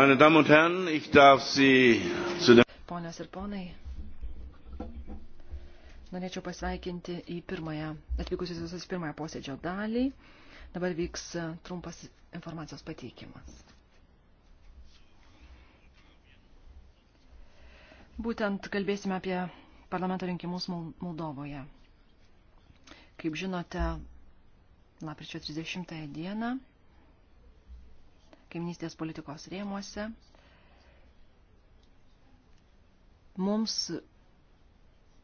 Meine Damen und Herren, ich darf Sie zu dem. Ponios ir ponai, norėčiau pasveikinti į pirmąją, atvykusius visus pirmąją posėdžio dalį. Dabar vyks trumpas informacijos pateikimas. Būtent kalbėsime apie parlamento rinkimus Moldovoje. Kaip žinote, lapkričio 30 dieną kaimnystės politikos rėmuose. Mums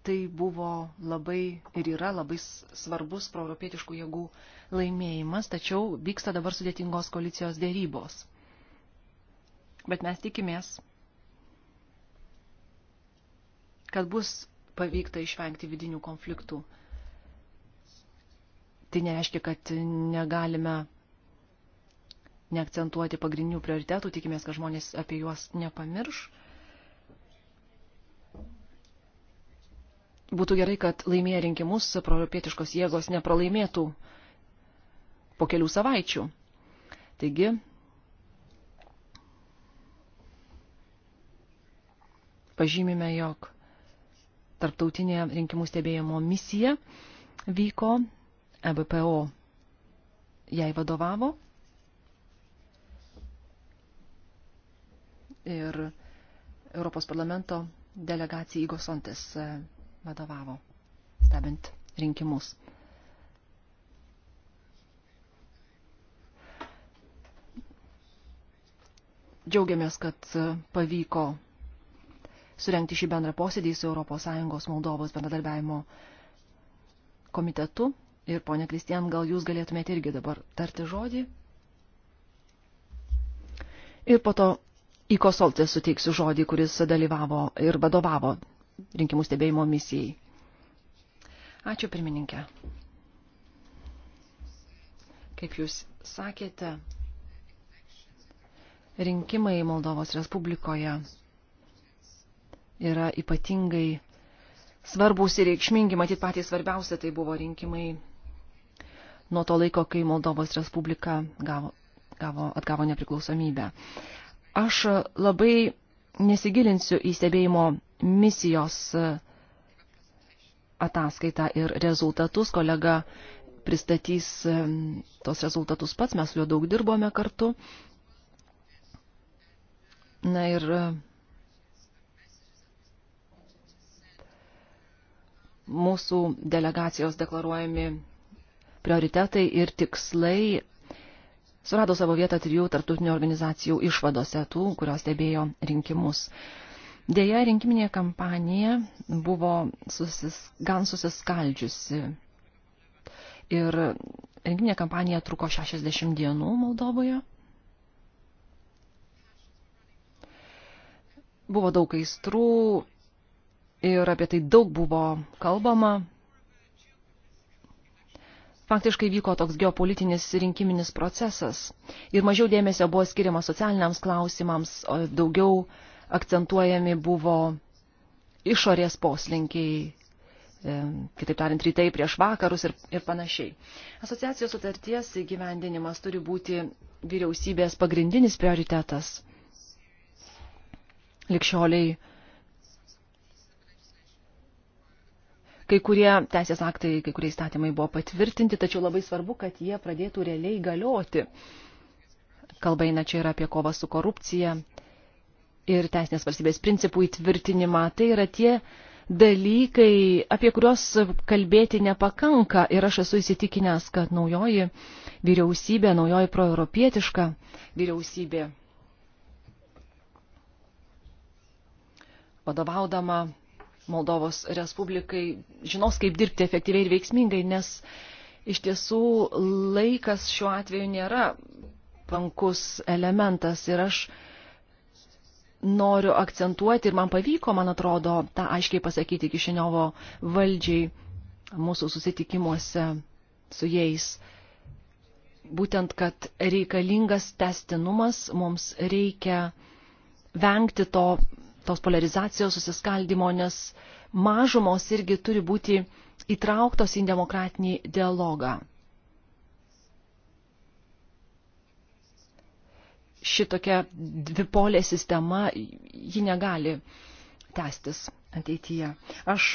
tai buvo labai ir yra labai svarbus proeuropietiškų jėgų laimėjimas, tačiau vyksta dabar sudėtingos koalicijos dėrybos. Bet mes tikimės, kad bus pavykta išvengti vidinių konfliktų. Tai nereiškia, kad negalime neakcentuoti pagrindinių prioritetų, tikimės, kad žmonės apie juos nepamirš. Būtų gerai, kad laimėję rinkimus proeuropietiškos jėgos nepralaimėtų po kelių savaičių. Taigi, pažymime, jog tarptautinė rinkimų stebėjimo misija vyko, EBPO jai vadovavo ir Europos parlamento delegacija Igos Sontis e, vadovavo, stebint rinkimus. Džiaugiamės, kad e, pavyko surengti šį bendrą posėdį su ES Moldovos bendradarbiavimo komitetu. Ir, ponė Kristian, gal jūs galėtumėte irgi dabar tarti žodį. Ir po to Iko Soltė suteiksiu žodį, kuris dalyvavo ir vadovavo rinkimų stebėjimo misijai. Ačiū pirmininkė. Kaip jūs sakėte, rinkimai Moldovos Respublikoje yra ypatingai svarbus ir reikšmingi, matyt patys svarbiausia tai buvo rinkimai nuo to laiko, kai Moldovos Respublika gavo, gavo, atgavo nepriklausomybę. Aš labai nesigilinsiu į stebėjimo misijos e, ataskaitą ir rezultatus. Kolega pristatys e, tos rezultatus pats, mes su juo daug dirbome kartu. Na ir e, mūsų delegacijos deklaruojami prioritetai ir tikslai surado savo vietą trijų tartutinių organizacijų išvadose tų, kurios stebėjo rinkimus. Deja, rinkiminė kampanija buvo susis, gan susiskaldžiusi. Ir rinkiminė kampanija truko 60 dienų Moldovoje. Buvo daug aistrų ir apie tai daug buvo kalbama, faktiškai vyko toks geopolitinis rinkiminis procesas ir mažiau dėmesio buvo skiriama socialiniams klausimams, o daugiau akcentuojami buvo išorės poslinkiai, kitaip tariant, rytai prieš vakarus ir, ir panašiai. Asociacijos sutarties įgyvendinimas turi būti vyriausybės pagrindinis prioritetas. Likščioliai Kai kurie teisės aktai, kai kurie įstatymai buvo patvirtinti, tačiau labai svarbu, kad jie pradėtų realiai galioti. Kalba eina čia ir apie kovą su korupcija ir teisinės valstybės principų įtvirtinimą. Tai yra tie dalykai, apie kuriuos kalbėti nepakanka ir aš esu įsitikinęs, kad naujoji vyriausybė, naujoji proeuropietiška vyriausybė vadovaudama Moldovos Respublikai žinos, kaip dirbti efektyviai ir veiksmingai, nes iš tiesų laikas šiuo atveju nėra pankus elementas ir aš noriu akcentuoti ir man pavyko, man atrodo, tą aiškiai pasakyti Kišiniovo valdžiai mūsų susitikimuose su jais. Būtent, kad reikalingas testinumas, mums reikia vengti to tos polarizacijos susiskaldimo, nes mažumos irgi turi būti įtrauktos į demokratinį dialogą. Šitokia dvipolė sistema, ji negali tęstis ateityje. Aš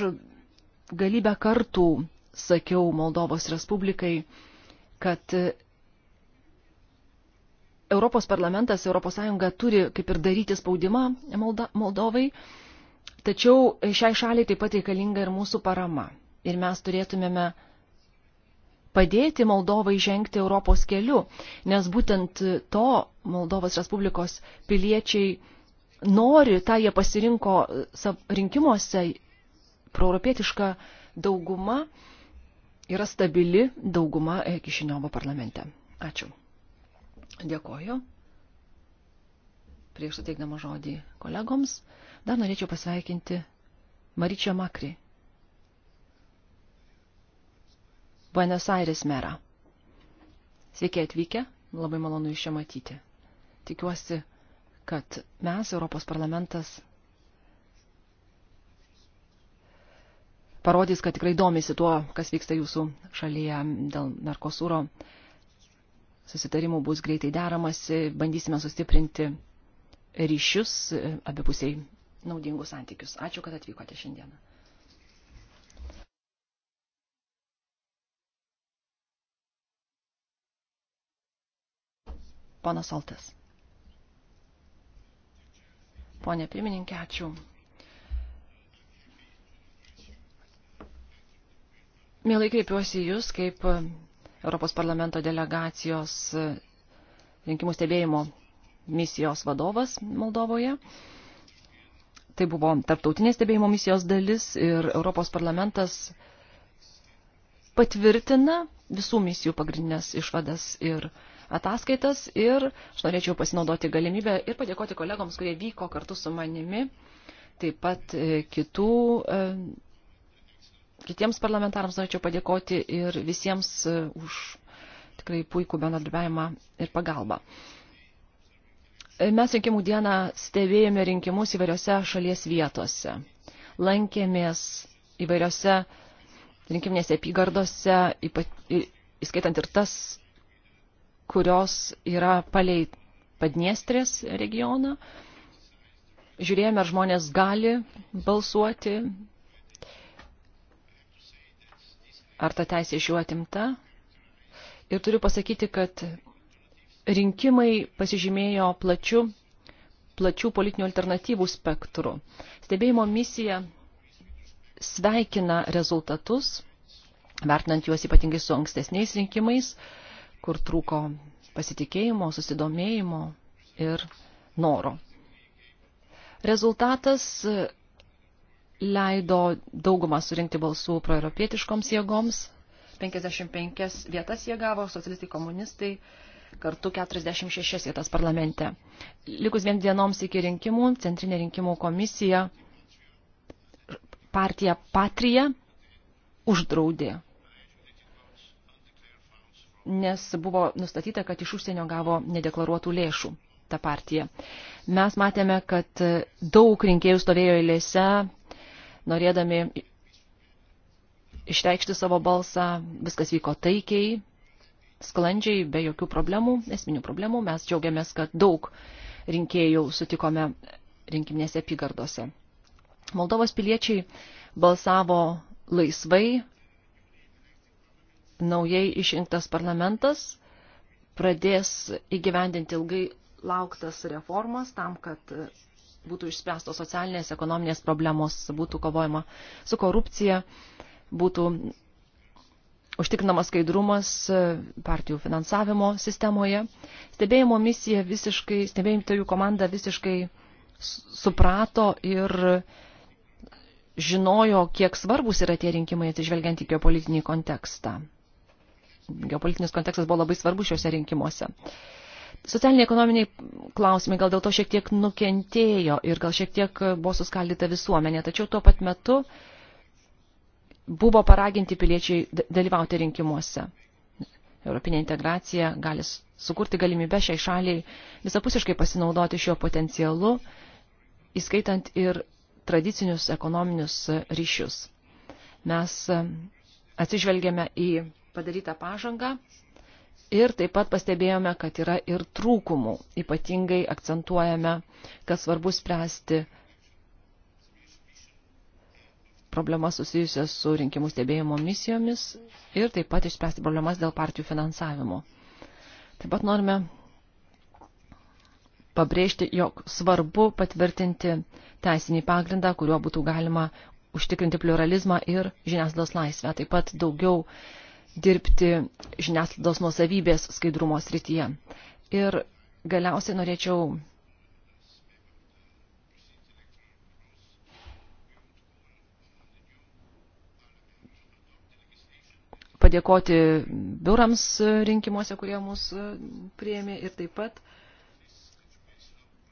galybę kartų sakiau Moldovos Respublikai, kad Europos parlamentas, ES turi kaip ir daryti spaudimą Molda, Moldovai, tačiau šiai šaliai taip pat reikalinga ir mūsų parama. Ir mes turėtumėme padėti Moldovai žengti Europos keliu, nes būtent to Moldovos Respublikos piliečiai nori, tą jie pasirinko e, rinkimuose, proeuropietiška dauguma yra stabili dauguma e, Kišiniovo parlamente. Ačiū. Dėkoju. Prieš suteikdama žodį kolegoms, dar norėčiau pasveikinti Maryčio Makri, Buenos Aires merą. Sveiki atvykę, labai malonu iš čia matyti. Tikiuosi, kad mes, Europos parlamentas, parodys, kad tikrai domisi tuo, kas vyksta jūsų šalyje dėl narkosūro susitarimų bus greitai deramasi, bandysime sustiprinti ryšius, abipusiai naudingus santykius. Ačiū, kad atvykote šiandieną. Ponas Altas. Pone pirmininkė, ačiū. Mielai kreipiuosi Jūs kaip Europos parlamento delegacijos e, rinkimų stebėjimo misijos vadovas Moldovoje. Tai buvo tarptautinės stebėjimo misijos dalis ir Europos parlamentas patvirtina visų misijų pagrindinės išvadas ir ataskaitas ir aš norėčiau pasinaudoti galimybę ir padėkoti kolegoms, kurie vyko kartu su manimi, taip pat e, kitų e, kitiems parlamentarams norėčiau padėkoti ir visiems e, už tikrai puikų bendradarbiavimą ir pagalbą. E, mes rinkimų dieną stebėjome rinkimus įvairiose šalies vietose. Lankėmės įvairiose rinkiminėse apygardose, įskaitant ir tas, kurios yra palei Padniestrės regioną. Žiūrėjome, ar žmonės gali balsuoti, ar ta teisė iš jų atimta. Ir turiu pasakyti, kad rinkimai pasižymėjo plačiu, plačių politinių alternatyvų spektru. Stebėjimo misija sveikina rezultatus, vertinant juos ypatingai su ankstesniais rinkimais, kur trūko pasitikėjimo, susidomėjimo ir noro. Rezultatas leido daugumą surinkti balsų proeuropietiškoms jėgoms. 55 vietas jie gavo, socialistai komunistai kartu 46 vietas parlamente. Likus vien dienoms iki rinkimų, Centrinė rinkimų komisija partija Patrija uždraudė, nes buvo nustatyta, kad iš užsienio gavo nedeklaruotų lėšų ta partija. Mes matėme, kad daug rinkėjų stovėjo eilėse norėdami išreikšti savo balsą, viskas vyko taikiai, sklandžiai, be jokių problemų, esminių problemų. Mes džiaugiamės, kad daug rinkėjų sutikome rinkiminėse apygardose. Moldovos piliečiai balsavo laisvai, naujai išrinktas parlamentas pradės įgyvendinti ilgai lauktas reformas tam, kad būtų išspręstos socialinės, ekonominės problemos, būtų kovojama su korupcija, būtų užtikrinamas skaidrumas e, partijų finansavimo sistemoje. Stebėjimo misija visiškai, stebėjimtojų komanda visiškai suprato ir žinojo, kiek svarbus yra tie rinkimai atsižvelgiant į geopolitinį kontekstą. Geopolitinis kontekstas buvo labai svarbus šiuose rinkimuose. Socialiniai ekonominiai klausimai gal dėl to šiek tiek nukentėjo ir gal šiek tiek e, buvo suskaldyta visuomenė, tačiau tuo pat metu buvo paraginti piliečiai dalyvauti rinkimuose. Europinė integracija gali sukurti galimybę šiai šaliai visapusiškai pasinaudoti šiuo potencialu, įskaitant ir tradicinius ekonominius e, ryšius. Mes e, atsižvelgėme į padarytą pažangą Ir taip pat pastebėjome, kad yra ir trūkumų. Ypatingai akcentuojame, kad svarbu spręsti problemas susijusias su rinkimų stebėjimo misijomis ir taip pat išspręsti problemas dėl partijų finansavimo. Taip pat norime pabrėžti, jog svarbu patvirtinti teisinį pagrindą, kuriuo būtų galima užtikrinti pluralizmą ir žiniasklaidos laisvę. Taip pat daugiau uh, dirbti žiniasklaidos nuosavybės skaidrumo srityje. Ir galiausiai norėčiau padėkoti biurams rinkimuose, kurie mus priėmė ir taip pat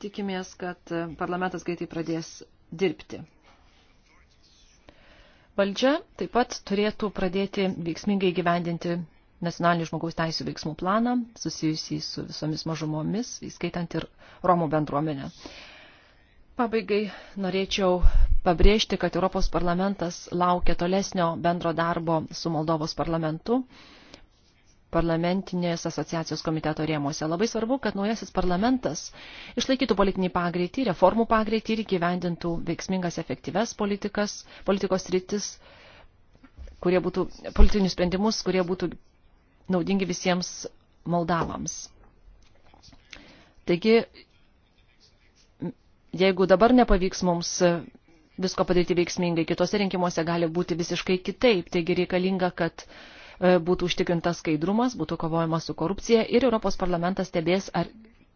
tikimės, kad parlamentas greitai pradės dirbti. Valdžia taip pat turėtų pradėti veiksmingai gyvendinti nacionalinį žmogaus teisų veiksmų planą susijusį su visomis mažumomis, įskaitant ir Romų bendruomenę. Pabaigai norėčiau pabrėžti, kad Europos parlamentas laukia tolesnio bendro darbo su Moldovos parlamentu parlamentinės asociacijos komiteto rėmuose. Labai svarbu, kad naujasis parlamentas išlaikytų politinį pagreitį, reformų pagreitį ir gyvendintų veiksmingas efektyves politikas, politikos rytis, kurie būtų, politinius sprendimus, kurie būtų naudingi visiems Moldavams. Taigi, jeigu dabar nepavyks mums visko padaryti veiksmingai, kitose rinkimuose gali būti visiškai kitaip, taigi reikalinga, kad uh, E, būtų užtikrintas skaidrumas, būtų kovojama su korupcija ir Europos parlamentas stebės, ar,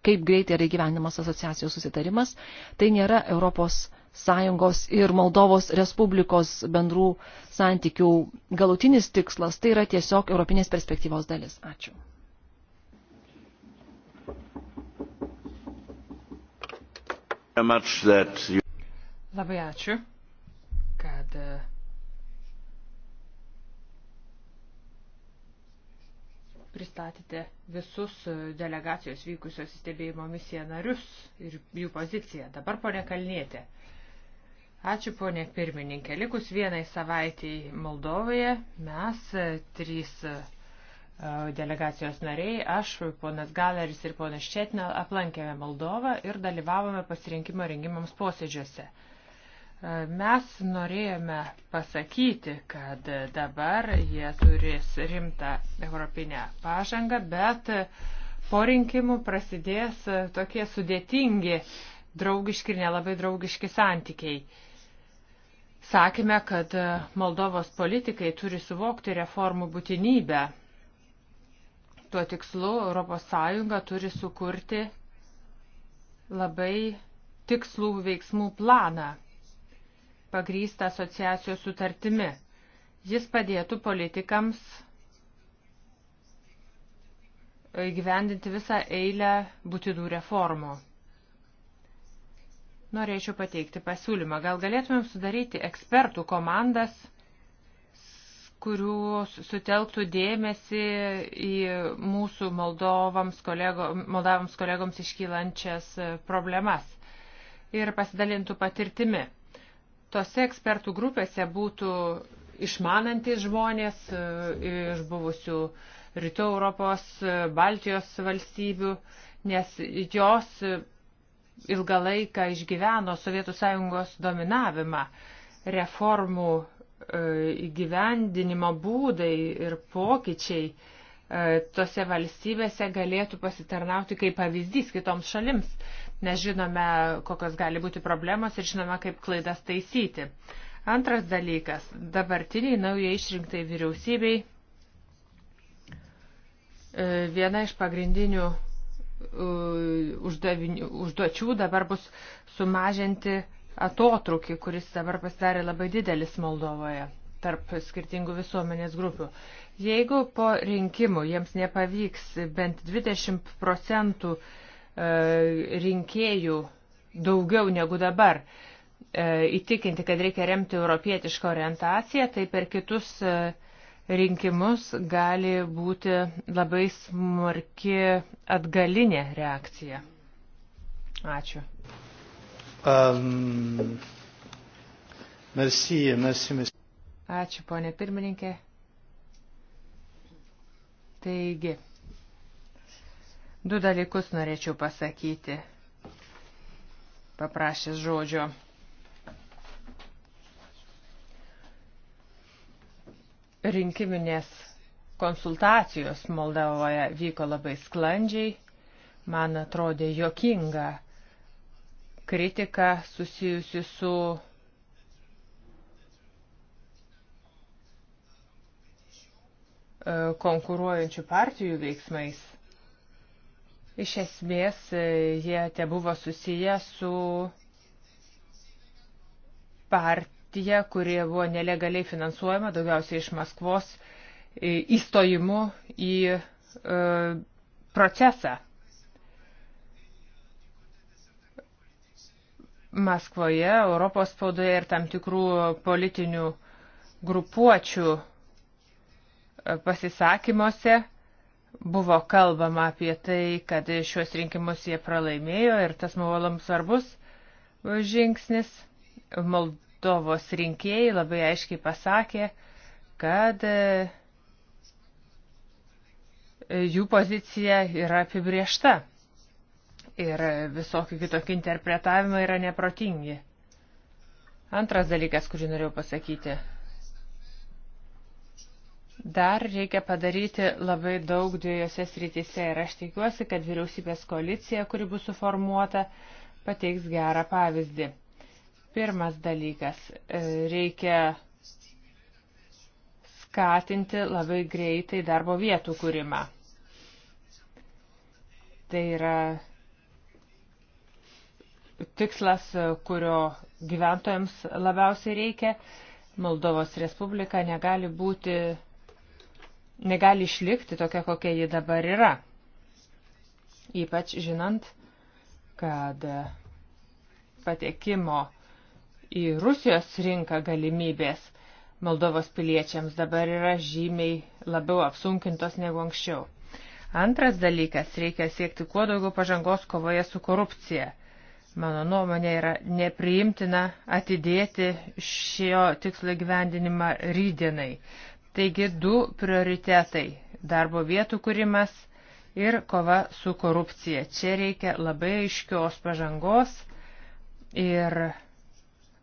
kaip greitai yra įgyvenimas asociacijos susitarimas. Tai nėra Europos Sąjungos ir Moldovos Respublikos bendrų santykių galutinis tikslas, tai yra tiesiog europinės perspektyvos dalis. Ačiū. Labai ačiū, kad uh, pristatėte visus delegacijos vykusios įstebėjimo misiją narius ir jų poziciją. Dabar ponė Kalnietė. Ačiū ponė pirmininkė. Likus vienai savaitėjai Moldovoje mes trys e, delegacijos nariai, aš, ponas Galeris ir ponas Šetina aplankėme Moldovą ir dalyvavome pasirinkimo rengimams posėdžiuose. Mes norėjome pasakyti, kad dabar jie turės rimtą europinę pažangą, bet po rinkimų prasidės tokie sudėtingi, draugiški ir nelabai draugiški santykiai. Sakėme, kad Moldovos politikai turi suvokti reformų būtinybę. Tuo tikslu ES turi sukurti labai tikslų veiksmų planą pagrįsta asociacijos sutartimi. Jis padėtų politikams įgyvendinti visą eilę būtinų reformų. Norėčiau pateikti pasiūlymą. Gal galėtumėm sudaryti ekspertų komandas, kurių sutelktų dėmesį į mūsų Moldovams, kolego, Moldavams kolegoms iškylančias problemas ir pasidalintų patirtimi. Tose ekspertų grupėse būtų išmanantis žmonės e, iš buvusių Rytų Europos, e, Baltijos valstybių, nes jos e, ilgą laiką išgyveno Sovietų Sąjungos dominavimą. Reformų įgyvendinimo būdai ir pokyčiai tose valstybėse galėtų pasitarnauti kaip pavyzdys kitoms šalims nes žinome, kokios gali būti problemos ir žinome, kaip klaidas taisyti. Antras dalykas - dabartiniai naujai išrinktai vyriausybei e, viena iš pagrindinių e, uždavinių, užduočių dabar bus sumažinti atotrukį, kuris dabar pasidarė labai didelis Moldovoje tarp skirtingų visuomenės grupių. Jeigu po rinkimų jiems nepavyks bent 20 procentų uh, E, rinkėjų daugiau negu dabar e, įtikinti, kad reikia remti europietišką orientaciją, tai per kitus e, rinkimus gali būti labai smarki atgalinė reakcija. Ačiū. Um, merci, merci, merci. Ačiū, ponė pirmininkė. Taigi. Du dalykus norėčiau pasakyti, paprašęs žodžio. Rinkiminės konsultacijos Moldovoje vyko labai sklandžiai. Man atrodė jokinga kritika susijusi su konkuruojančių partijų veiksmais. Iš esmės, e, jie te buvo susiję su partija, kurie buvo nelegaliai finansuojama, daugiausiai iš Maskvos, e, įstojimu į e, procesą. Maskvoje, Europos spaudoje ir tam tikrų politinių grupuočių pasisakymuose Buvo kalbama apie tai, kad šiuos rinkimus jie pralaimėjo ir tas Moldovams svarbus žingsnis. Moldovos rinkėjai labai aiškiai pasakė, kad e, jų pozicija yra apibriešta ir visokių kitokių interpretavimų yra neprotingi. Antras dalykas, kurį norėjau pasakyti. Dar reikia padaryti labai daug dviejose srityse ir aš tikiuosi, kad vyriausybės koalicija, kuri bus suformuota, pateiks gerą pavyzdį. Pirmas dalykas e, - reikia skatinti labai greitai darbo vietų kūrimą. Tai yra tikslas, kurio gyventojams labiausiai reikia. Moldovos Respublika negali būti negali išlikti tokia, kokia ji dabar yra. Ypač žinant, kad patekimo į Rusijos rinką galimybės Moldovos piliečiams dabar yra žymiai labiau apsunkintos negu anksčiau. Antras dalykas - reikia siekti kuo daugiau pažangos kovoje su korupcija. Mano nuomonė yra nepriimtina atidėti šio tikslo gyvendinimą rydienai. Taigi du prioritetai - darbo vietų kūrimas ir kova su korupcija. Čia reikia labai aiškios pažangos ir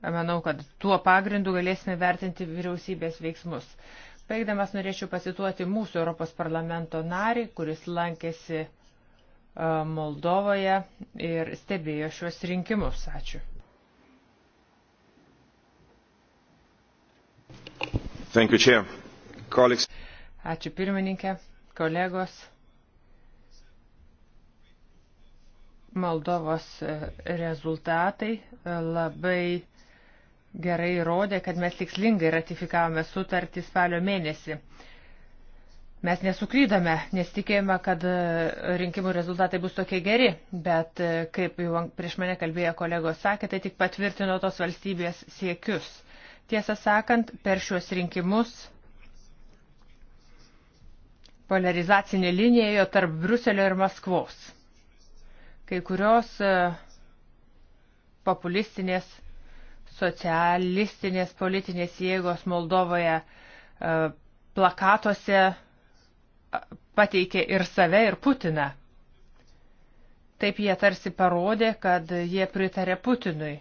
manau, kad tuo pagrindu galėsime vertinti vyriausybės veiksmus. Baigdamas norėčiau pasituoti mūsų Europos parlamento narį, kuris lankėsi e, Moldovoje ir stebėjo šiuos rinkimus. Ačiū. Thank you, Chair. Kolegs. Ačiū pirmininkė, kolegos. Moldovos e, rezultatai e, labai gerai rodė, kad mes tikslingai ratifikavome sutartį spalio mėnesį. Mes nesuklydome, nes tikėjome, kad e, rinkimų rezultatai bus tokie geri, bet kaip jau prieš mane kalbėjo kolegos sakė, tai tik patvirtino tos valstybės siekius. Tiesą sakant, per šiuos rinkimus polarizacinė linija tarp Bruselio ir Maskvos. Kai kurios e, populistinės, socialistinės politinės jėgos Moldovoje e, plakatuose pateikė ir save, ir Putiną. Taip jie tarsi parodė, kad jie pritarė Putinui.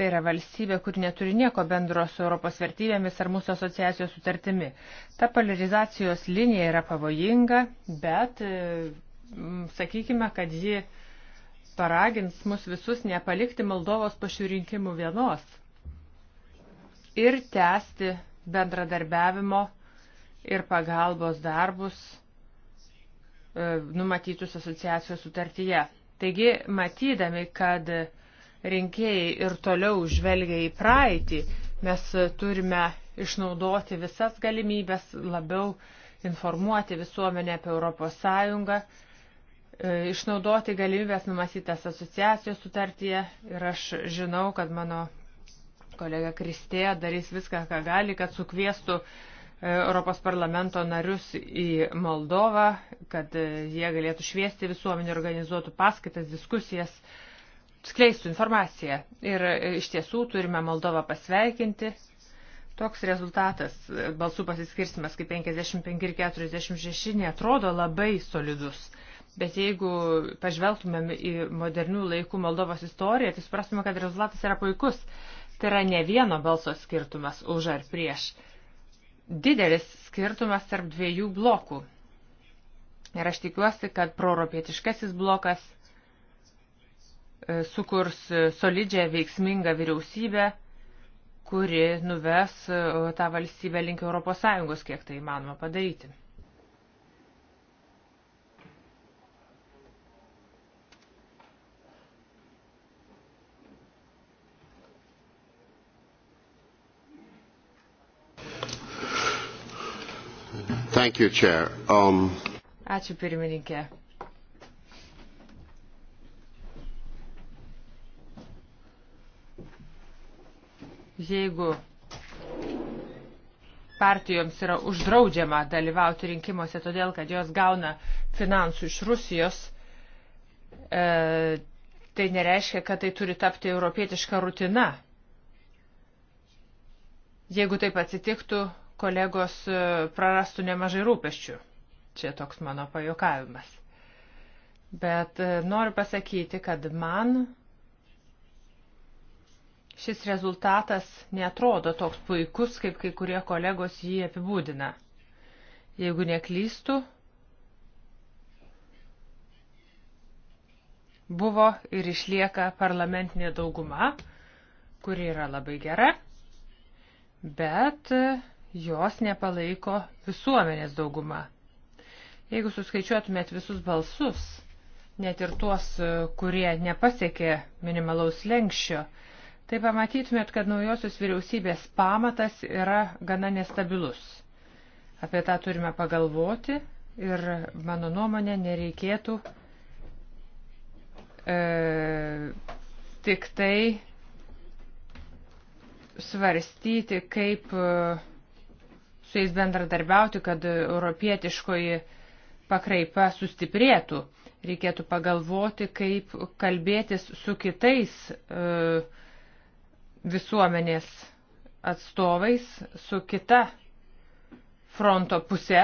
Tai yra valstybė, kur neturi nieko bendro su Europos vertybėmis ar mūsų asociacijos sutartimi. Ta polarizacijos linija yra pavojinga, bet e, sakykime, kad ji paragins mus visus nepalikti Moldovos po šių rinkimų vienos ir tęsti bendradarbiavimo ir pagalbos darbus e, numatytus asociacijos sutartyje. Taigi, matydami, kad rinkėjai ir toliau žvelgia į praeitį, mes turime išnaudoti visas galimybės labiau informuoti visuomenę apie Europos Sąjungą, e, išnaudoti galimybės numasytas asociacijos sutartyje ir aš žinau, kad mano kolega Kristėja darys viską, ką gali, kad sukviestų e, Europos parlamento narius į Moldovą, kad e, jie galėtų šviesti visuomenį, organizuotų paskaitas, diskusijas, uh, skleistų informaciją. Ir e, iš tiesų turime Moldovą pasveikinti. Toks rezultatas, e, balsų pasiskirstimas kaip 55 ir 46, netrodo labai solidus. Bet jeigu pažvelgtumėm į modernių laikų Moldovos istoriją, tai suprastume, kad rezultatas yra puikus. Tai yra ne vieno balso skirtumas už ar prieš. Didelis skirtumas tarp dviejų blokų. Ir aš tikiuosi, kad proeuropietiškasis blokas E, sukurs solidžią veiksmingą vyriausybę, kuri nuves e, tą valstybę link ES, kiek tai įmanoma padaryti. Thank you, Chair. Um... Ačiū pirmininkė. Jeigu partijoms yra uždraudžiama dalyvauti rinkimuose todėl, kad jos gauna finansų iš Rusijos, e, tai nereiškia, kad tai turi tapti europietiška rutina. Jeigu taip atsitiktų, kolegos e, prarastų nemažai rūpeščių. Čia toks mano pajokavimas. Bet e, noriu pasakyti, kad man šis rezultatas netrodo toks puikus, kaip kai kurie kolegos jį apibūdina. Jeigu neklystų, buvo ir išlieka parlamentinė dauguma, kuri yra labai gera, bet jos nepalaiko visuomenės dauguma. Jeigu suskaičiuotumėt visus balsus, net ir tuos, kurie nepasiekė minimalaus lenkščio, tai pamatytumėt, kad naujosios vyriausybės pamatas yra gana nestabilus. Apie tą turime pagalvoti ir mano nuomonė nereikėtų e, tik tai svarstyti, kaip e, su jais bendradarbiauti, kad europietiškoji pakraipa sustiprėtų. Reikėtų pagalvoti, kaip kalbėtis su kitais e, visuomenės atstovais, su kita fronto puse.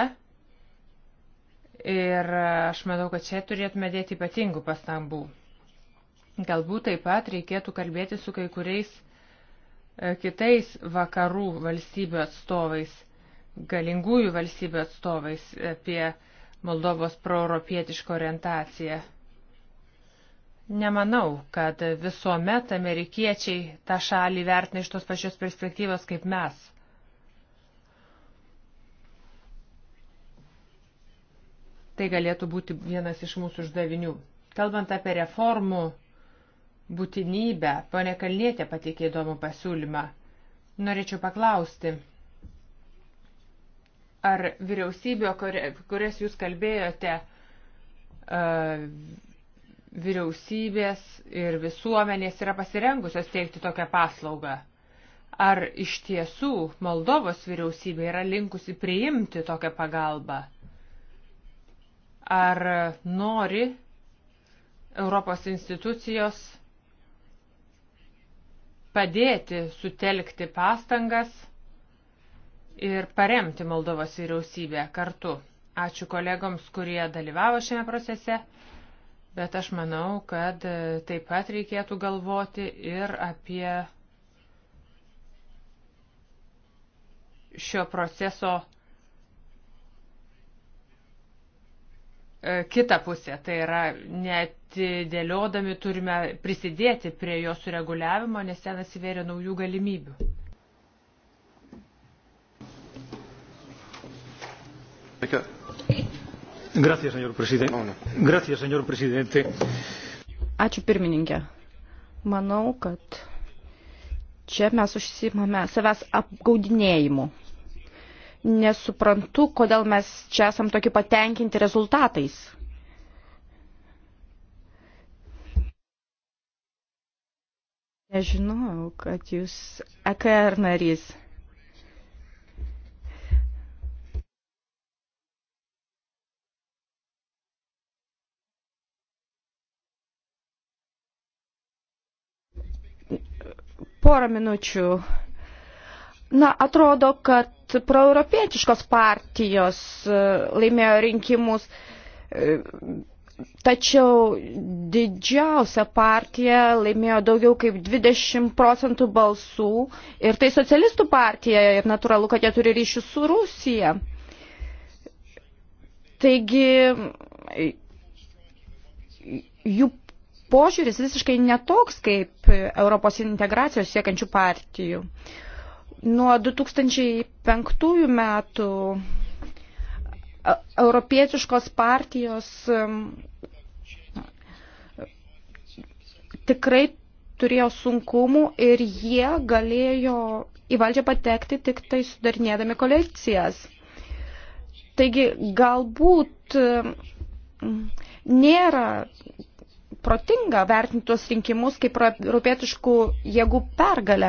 Ir aš manau, kad čia turėtume dėti ypatingų pastangų. Galbūt taip pat reikėtų kalbėti su kai kuriais e, kitais vakarų valstybių atstovais, galingųjų valstybių atstovais apie Moldovos proeuropietišką orientaciją. Nemanau, kad visuomet amerikiečiai tą šalį vertina iš tos pačios perspektyvos kaip mes. Tai galėtų būti vienas iš mūsų uždavinių. Kalbant apie reformų būtinybę, ponė Kalnietė pateikė įdomų pasiūlymą. Norėčiau paklausti, ar vyriausybė, kurias jūs kalbėjote, vyriausybės ir visuomenės yra pasirengusios teikti tokią paslaugą? Ar iš tiesų Moldovos vyriausybė yra linkusi priimti tokią pagalbą? Ar nori Europos institucijos padėti sutelkti pastangas ir paremti Moldovos vyriausybę kartu? Ačiū kolegoms, kurie dalyvavo šiame procese. Bet aš manau, kad e, taip pat reikėtų galvoti ir apie šio proceso e, kitą pusę. Tai yra, netidėliodami turime prisidėti prie jo sureguliavimo, nes ten atsiveria naujų galimybių. Thank you. Gracias, señor presidente. Gracias, señor presidente. Ačiū pirmininkė. Manau, kad čia mes užsimame savęs apgaudinėjimu. Nesuprantu, kodėl mes čia esam tokie patenkinti rezultatais. Nežinau, kad jūs EKR narys. Porą minučių. Na, atrodo, kad proeuropietiškos partijos e, laimėjo rinkimus, e, tačiau didžiausia partija laimėjo daugiau kaip 20 procentų balsų ir tai socialistų partija ir natūralu, kad jie turi ryšių su Rusija. Taigi, jų požiūris visiškai netoks kaip Europos integracijos siekiančių partijų. Nuo 2005 metų europietiškos partijos tikrai turėjo sunkumų ir jie galėjo į valdžią patekti tik tai sudarinėdami kolekcijas. Taigi galbūt nėra protinga vertinti tuos rinkimus kaip europietiškų jėgų pergalę.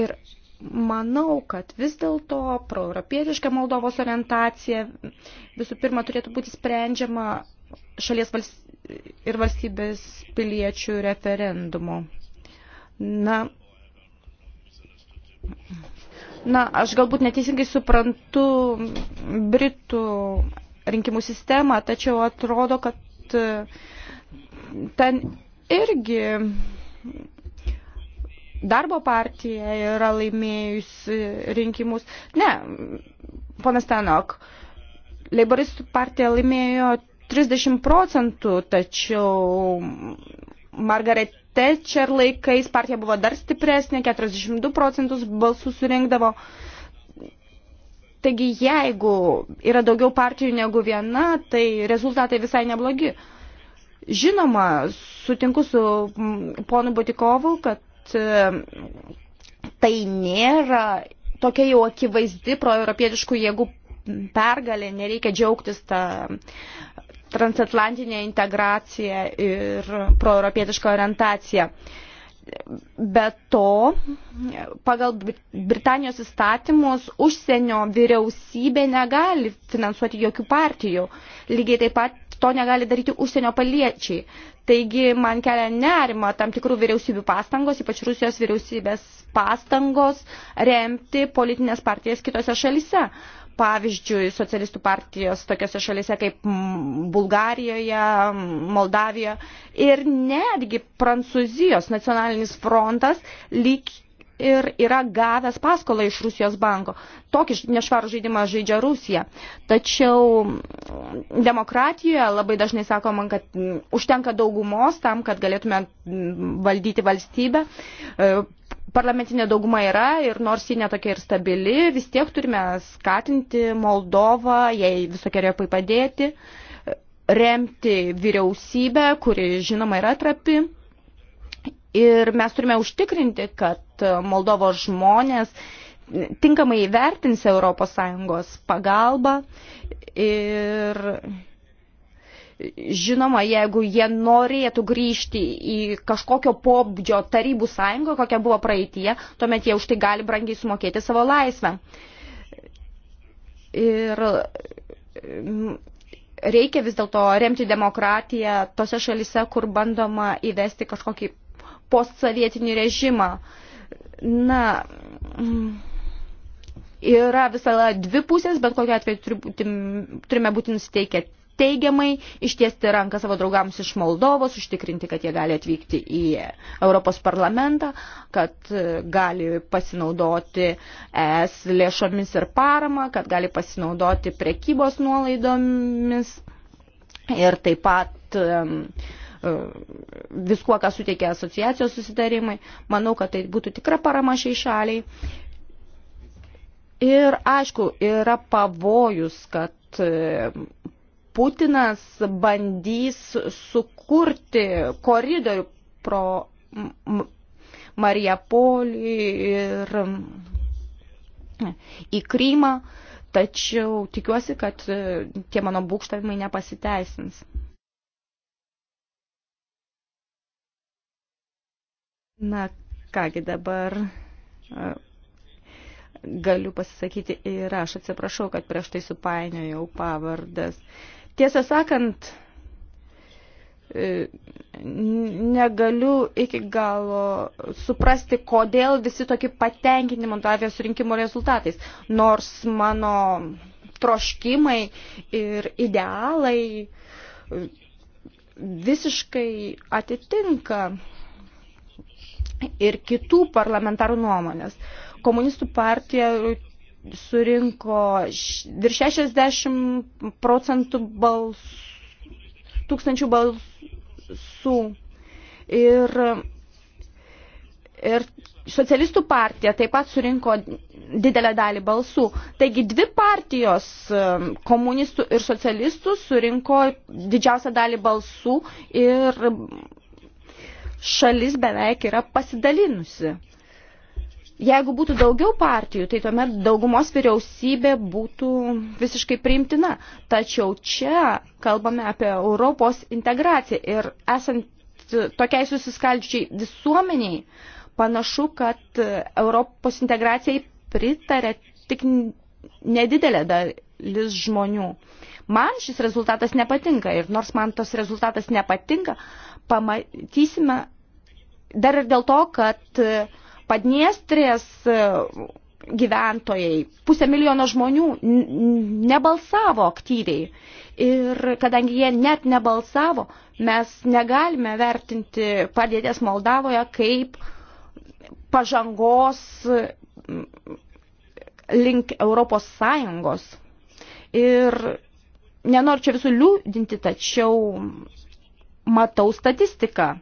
Ir manau, kad vis dėlto proeuropietiška Moldovos orientacija visų pirma turėtų būti sprendžiama šalies valst ir valstybės piliečių referendumu. Na, na, aš galbūt neteisingai suprantu Britų rinkimų sistemą, tačiau atrodo, kad kad e, ten irgi darbo partija yra laimėjusi rinkimus. Ne, ponas Tenok, leiboristų partija laimėjo 30 procentų, tačiau Margaret Thatcher laikais partija buvo dar stipresnė, 42 procentus balsų surinkdavo. Uh, Taigi jeigu yra daugiau partijų negu viena, tai rezultatai visai neblogi. Žinoma, sutinku su ponu Butikovu, kad e, tai nėra tokia jau akivaizdi proeuropietiškų jėgų pergalė, nereikia džiaugtis tą transatlantinę integraciją ir proeuropietišką orientaciją. Uh, Be to, pagal Britanijos įstatymus užsienio vyriausybė negali finansuoti jokių partijų. Lygiai taip pat to negali daryti užsienio paliečiai. Taigi man kelia nerima tam tikrų vyriausybių pastangos, ypač Rusijos vyriausybės pastangos remti politinės partijas kitose šalise pavyzdžiui socialistų partijos tokiose šalyse kaip Bulgarijoje, Moldavijoje ir netgi Prancūzijos nacionalinis frontas lyg ir yra gavęs paskolą iš Rusijos banko. Tokį nešvarų žaidimą žaidžia Rusija. Tačiau demokratijoje labai dažnai sakoma, kad užtenka daugumos tam, kad galėtume valdyti valstybę. E, parlamentinė dauguma yra ir nors ji netokia ir stabili, vis tiek turime skatinti Moldovą, jai visokiojopai padėti, remti vyriausybę, kuri žinoma yra trapi. Ir mes turime užtikrinti, kad Moldovos žmonės tinkamai įvertins ES pagalbą ir Žinoma, jeigu jie norėtų grįžti į kažkokio pobūdžio tarybų sąjungą, kokia buvo praeitie, tuomet jie už tai gali brangiai sumokėti savo laisvę. Ir mm, reikia vis dėlto remti demokratiją tose šalise, kur bandoma įvesti kažkokį postsovietinį režimą. Na, mm, yra visada dvi pusės, bet kokiu atveju turime būti nusiteikę teigiamai ištiesti ranką savo draugams iš Moldovos, užtikrinti, kad jie gali atvykti į Europos parlamentą, kad e, gali pasinaudoti ES lėšomis ir parama, kad gali pasinaudoti prekybos nuolaidomis ir taip pat um, viskuo, ką suteikia asociacijos susitarimai. Manau, kad tai būtų tikra parama šiai šaliai. Ir aišku, yra pavojus, kad e, Putinas bandys sukurti koridorių pro Mariapolį ir į Krymą, tačiau tikiuosi, kad tie mano būkštavimai nepasiteisins. Na, kągi dabar galiu pasisakyti ir aš atsiprašau, kad prieš tai supainiojau pavardas. Uh, Tiesą sakant, e, negaliu iki galo suprasti, kodėl visi tokie patenkinti Moldavijos rinkimo rezultatais. Nors mano troškimai ir idealai e, visiškai atitinka ir kitų parlamentarų nuomonės. Komunistų partija surinko virš 60 procentų bals, tūkstančių balsų. Ir, ir socialistų partija taip pat surinko didelę dalį balsų. Taigi dvi partijos um, komunistų ir socialistų surinko didžiausią dalį balsų ir šalis beveik yra pasidalinusi. Jeigu būtų daugiau partijų, tai tuomet daugumos vyriausybė būtų visiškai priimtina. Tačiau čia kalbame apie Europos integraciją ir esant tokiai susiskaldžiai visuomeniai, panašu, kad Europos integracijai pritarė tik nedidelė dalis žmonių. Man šis rezultatas nepatinka ir nors man tos rezultatas nepatinka, pamatysime dar ir dėl to, kad uh, Padniestrės e, gyventojai, pusę milijono žmonių nebalsavo aktyviai. Ir kadangi jie net nebalsavo, mes negalime vertinti padėties Moldavoje kaip pažangos link Europos Sąjungos. Ir nenoriu čia visų liūdinti, tačiau matau statistiką.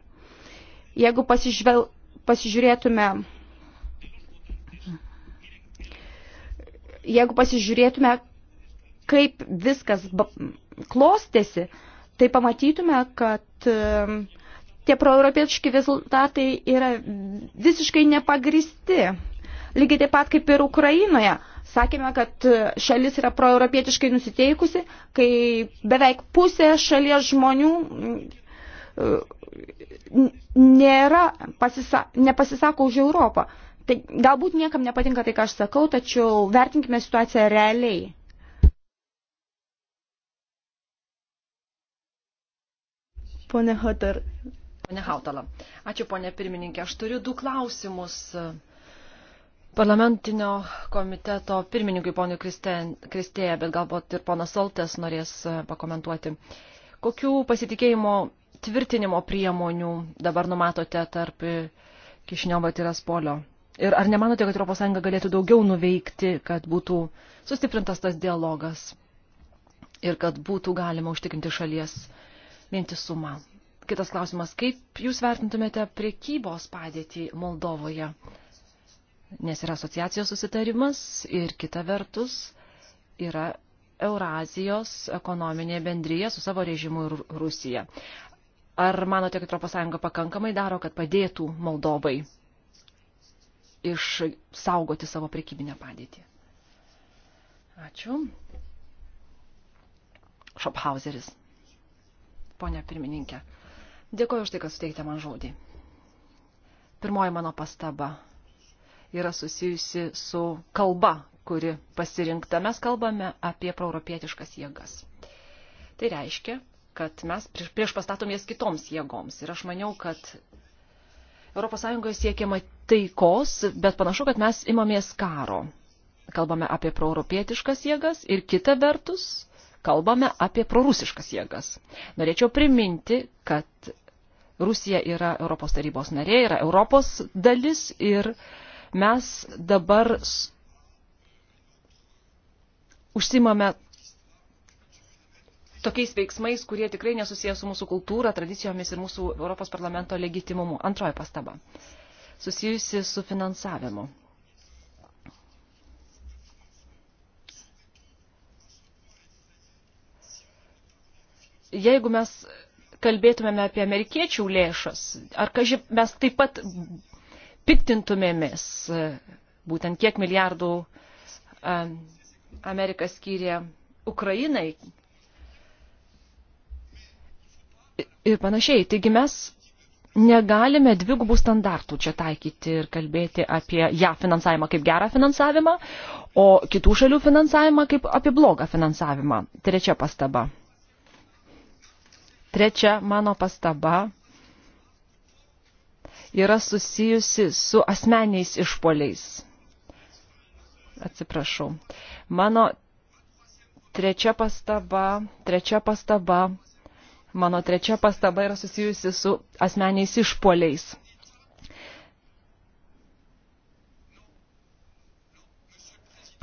Jeigu pasižvel, pasižiūrėtume jeigu pasižiūrėtume, kaip viskas klostėsi, tai pamatytume, kad um, tie proeuropietiški rezultatai yra visiškai nepagristi. Lygiai taip pat kaip ir Ukrainoje. Sakėme, kad šalis yra proeuropietiškai nusiteikusi, kai beveik pusė šalies žmonių uh, nėra, pasisa, nepasisako už Europą. Tai galbūt niekam nepatinka tai, ką aš sakau, tačiau vertinkime situaciją realiai. Pone Hotar. Pone Hautala. Ačiū, ponė pirmininkė. Aš turiu du klausimus e, parlamentinio komiteto pirmininkui, ponui Kristėje, bet galbūt ir ponas Soltės norės e, pakomentuoti. Kokių pasitikėjimo tvirtinimo priemonių dabar numatote tarp e, Kišniovo ir Aspolio? Ir ar nemanote, kad ES galėtų daugiau nuveikti, kad būtų sustiprintas tas dialogas ir kad būtų galima užtikrinti šalies vientisumą? Kitas klausimas, kaip jūs vertintumėte priekybos padėtį Moldovoje? Nes yra asociacijos susitarimas ir kita vertus yra Eurazijos ekonominė bendryje su savo režimu ir Rusija. Ar manote, kad ES pakankamai daro, kad padėtų Moldovai išsaugoti savo prekybinę padėtį. Ačiū. Šophauseris. Pone pirmininkė, dėkoju už tai, kad suteikite man žodį. Pirmoji mano pastaba yra susijusi su kalba, kuri pasirinkta. Mes kalbame apie proeuropietiškas jėgas. Tai reiškia, kad mes prieš, prieš pastatom jas kitoms jėgoms. Ir aš maniau, kad ES siekiama taikos, bet panašu, kad mes imamės karo. Kalbame apie proeuropietiškas jėgas ir kita vertus kalbame apie prorusiškas jėgas. Norėčiau priminti, kad Rusija yra Europos tarybos narė, yra Europos dalis ir mes dabar užsimame tokiais veiksmais, kurie tikrai nesusijęs su mūsų kultūra, tradicijomis ir mūsų Europos parlamento legitimumu. Antroji pastaba. Susijusi su finansavimu. Jeigu mes kalbėtumėme apie amerikiečių lėšas, ar kaži, mes taip pat piktintumėmės, būtent kiek milijardų um, Amerika skyrė Ukrainai, ir panašiai. Taigi mes negalime dvigubų standartų čia taikyti ir kalbėti apie ją finansavimą kaip gerą finansavimą, o kitų šalių finansavimą kaip apie blogą finansavimą. Trečia pastaba. Trečia mano pastaba yra susijusi su asmeniais išpoliais. Atsiprašau. Mano trečia pastaba, trečia pastaba Mano trečia pastaba yra susijusi su asmeniais išpoliais.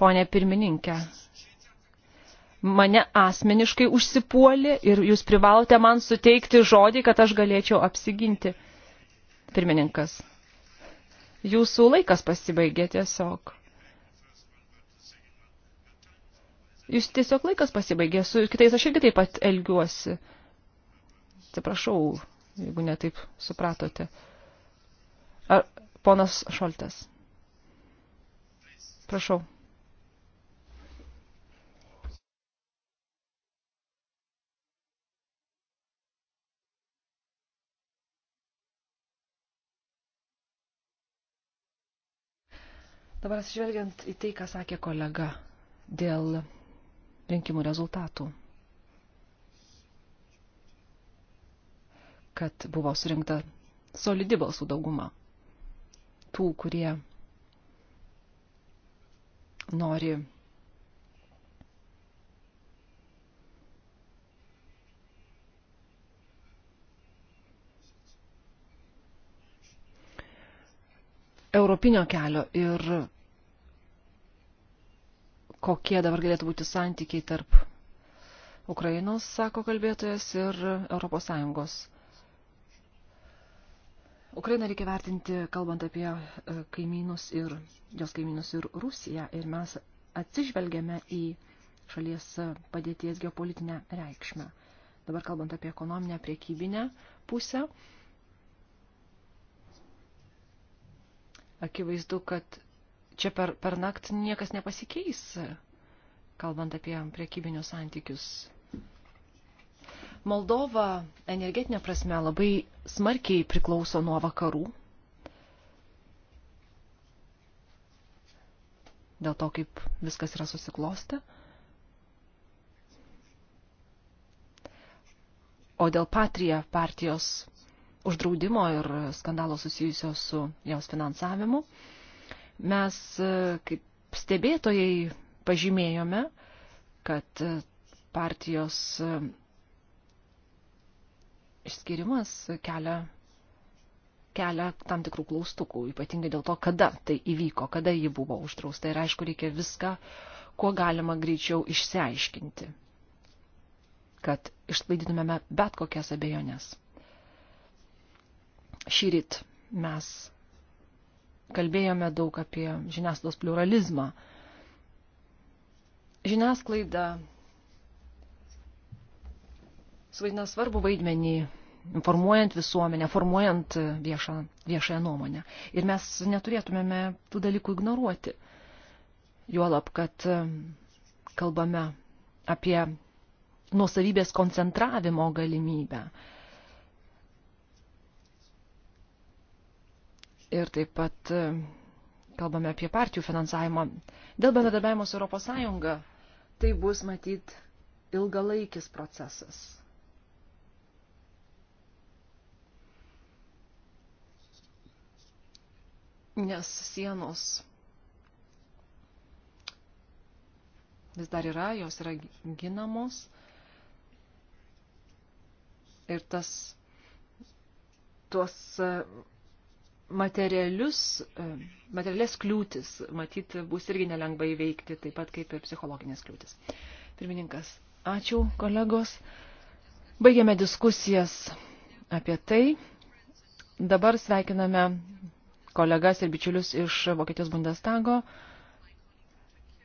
Pone pirmininkė, mane asmeniškai užsipuolė ir jūs privalote man suteikti žodį, kad aš galėčiau apsiginti. Pirmininkas, jūsų laikas pasibaigė tiesiog. Jūs tiesiog laikas pasibaigė, su kitais aš irgi taip pat elgiuosi. Atsiprašau, jeigu netaip supratote. Ar ponas Šoltas? Prašau. Dabar atsižvelgiant į tai, ką sakė kolega dėl rinkimų rezultatų. kad buvo surinkta solidi balsų dauguma tų, kurie nori europinio kelio ir kokie dabar galėtų būti santykiai tarp Ukrainos, sako kalbėtojas, ir ES. Ukrainą reikia vertinti, kalbant apie e, kaimynus ir jos kaimynus ir Rusiją. Ir mes atsižvelgiame į šalies padėties geopolitinę reikšmę. Dabar kalbant apie ekonominę priekybinę pusę, akivaizdu, kad čia per, per naktį niekas nepasikeis, kalbant apie priekybinius santykius Moldova energetinė prasme labai smarkiai priklauso nuo vakarų. Dėl to, kaip viskas yra susiklosti. O dėl patrija partijos uždraudimo ir skandalo susijusio su jos finansavimu, mes e, kaip stebėtojai pažymėjome, kad partijos e, išskirimas kelia, kelia tam tikrų klaustukų, ypatingai dėl to, kada tai įvyko, kada ji buvo uždrausta. Ir aišku, reikia viską, kuo galima greičiau išsiaiškinti, kad išsklaidytumėme bet kokias abejonės. Šyrit mes kalbėjome daug apie žiniasklaidos pluralizmą. Žiniasklaida suvaidina svarbu vaidmenį informuojant visuomenę, formuojant viešą, viešąją nuomonę. Ir mes neturėtumėme tų dalykų ignoruoti. Juolab, kad e, kalbame apie nuosavybės koncentravimo galimybę. Ir taip pat e, kalbame apie partijų finansavimą. Dėl bendradarbiavimo su ES tai bus matyt ilgalaikis procesas nes sienos vis dar yra, jos yra ginamos ir tas tuos e, materialius, e, materialias kliūtis, matyt, bus irgi nelengva įveikti, taip pat kaip ir psichologinės kliūtis. Pirmininkas, ačiū kolegos. Baigėme diskusijas apie tai. Dabar sveikiname kolegas ir bičiulius iš Vokietijos Bundestago.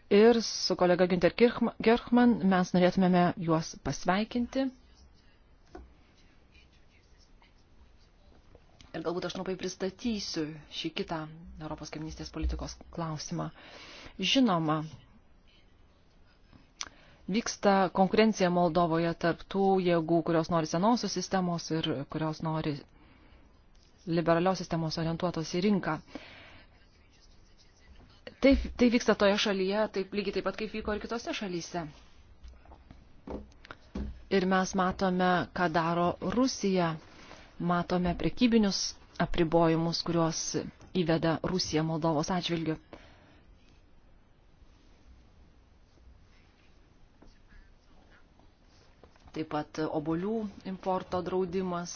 Ir su kolega Günter Gerchman mes norėtumėme juos pasveikinti. Ir galbūt aš trumpai pristatysiu šį kitą Europos kaiminystės politikos klausimą. Žinoma, vyksta konkurencija Moldovoje tarp tų jėgų, kurios nori senosios sistemos ir kurios nori liberalios sistemos orientuotos į rinką. Taip, tai vyksta toje šalyje, taip lygiai taip pat kaip vyko ir kitose šalyse. Ir mes matome, ką daro Rusija, matome prekybinius apribojimus, kuriuos įveda Rusija Moldovos atžvilgiu. taip pat obolių importo draudimas,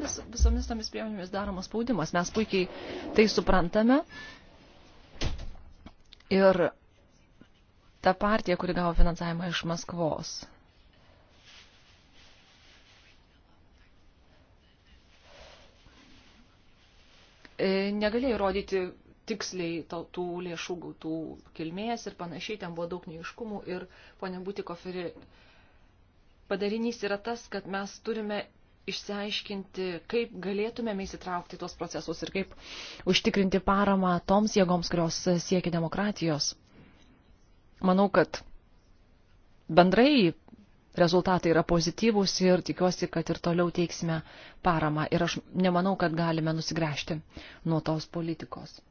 vis, visomis tomis priemonėmis daromas spaudimas. Mes puikiai tai suprantame. Ir ta partija, kuri gavo finansavimą iš Maskvos. E, negalėjo įrodyti tiksliai to, tų lėšų gautų kilmės ir panašiai, ten buvo daug neiškumų ir ponia Būtikoferi padarinys yra tas, kad mes turime išsiaiškinti, kaip galėtumėme įsitraukti tuos procesus ir kaip užtikrinti paramą toms jėgoms, kurios siekia demokratijos. Manau, kad bendrai rezultatai yra pozityvūs ir tikiuosi, kad ir toliau teiksime paramą. Ir aš nemanau, kad galime nusigręžti nuo tos politikos.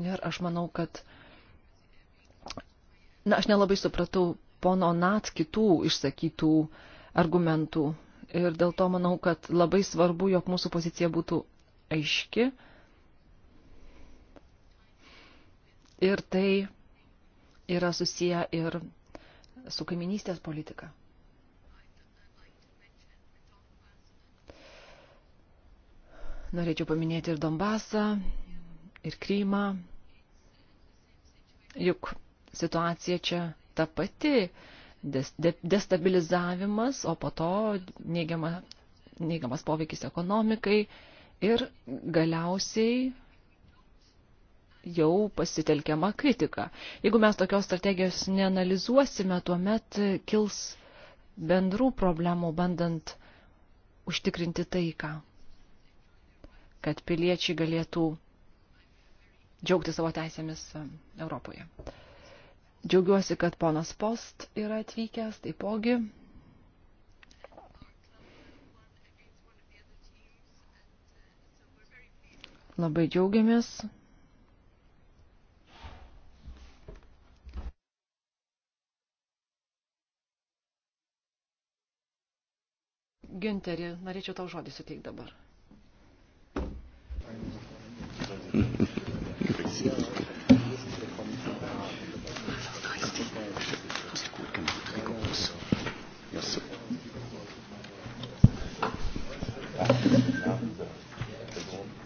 Ir aš manau, kad. Na, aš nelabai supratau pono Nat kitų išsakytų argumentų. Ir dėl to manau, kad labai svarbu, jog mūsų pozicija būtų aiški. Ir tai yra susiję ir su kaiminystės politika. Norėčiau paminėti ir Donbasą, ir Krymą. Juk situacija čia ta pati destabilizavimas, o po to neigiama, neigiamas poveikis ekonomikai ir galiausiai jau pasitelkiama kritika. Jeigu mes tokios strategijos neanalizuosime, tuomet kils bendrų problemų bandant užtikrinti taiką, kad piliečiai galėtų džiaugti savo teisėmis e, Europoje. Džiaugiuosi, kad ponas Post yra atvykęs taipogi. Labai džiaugiamės. Ginterį, norėčiau tau žodį suteikti dabar.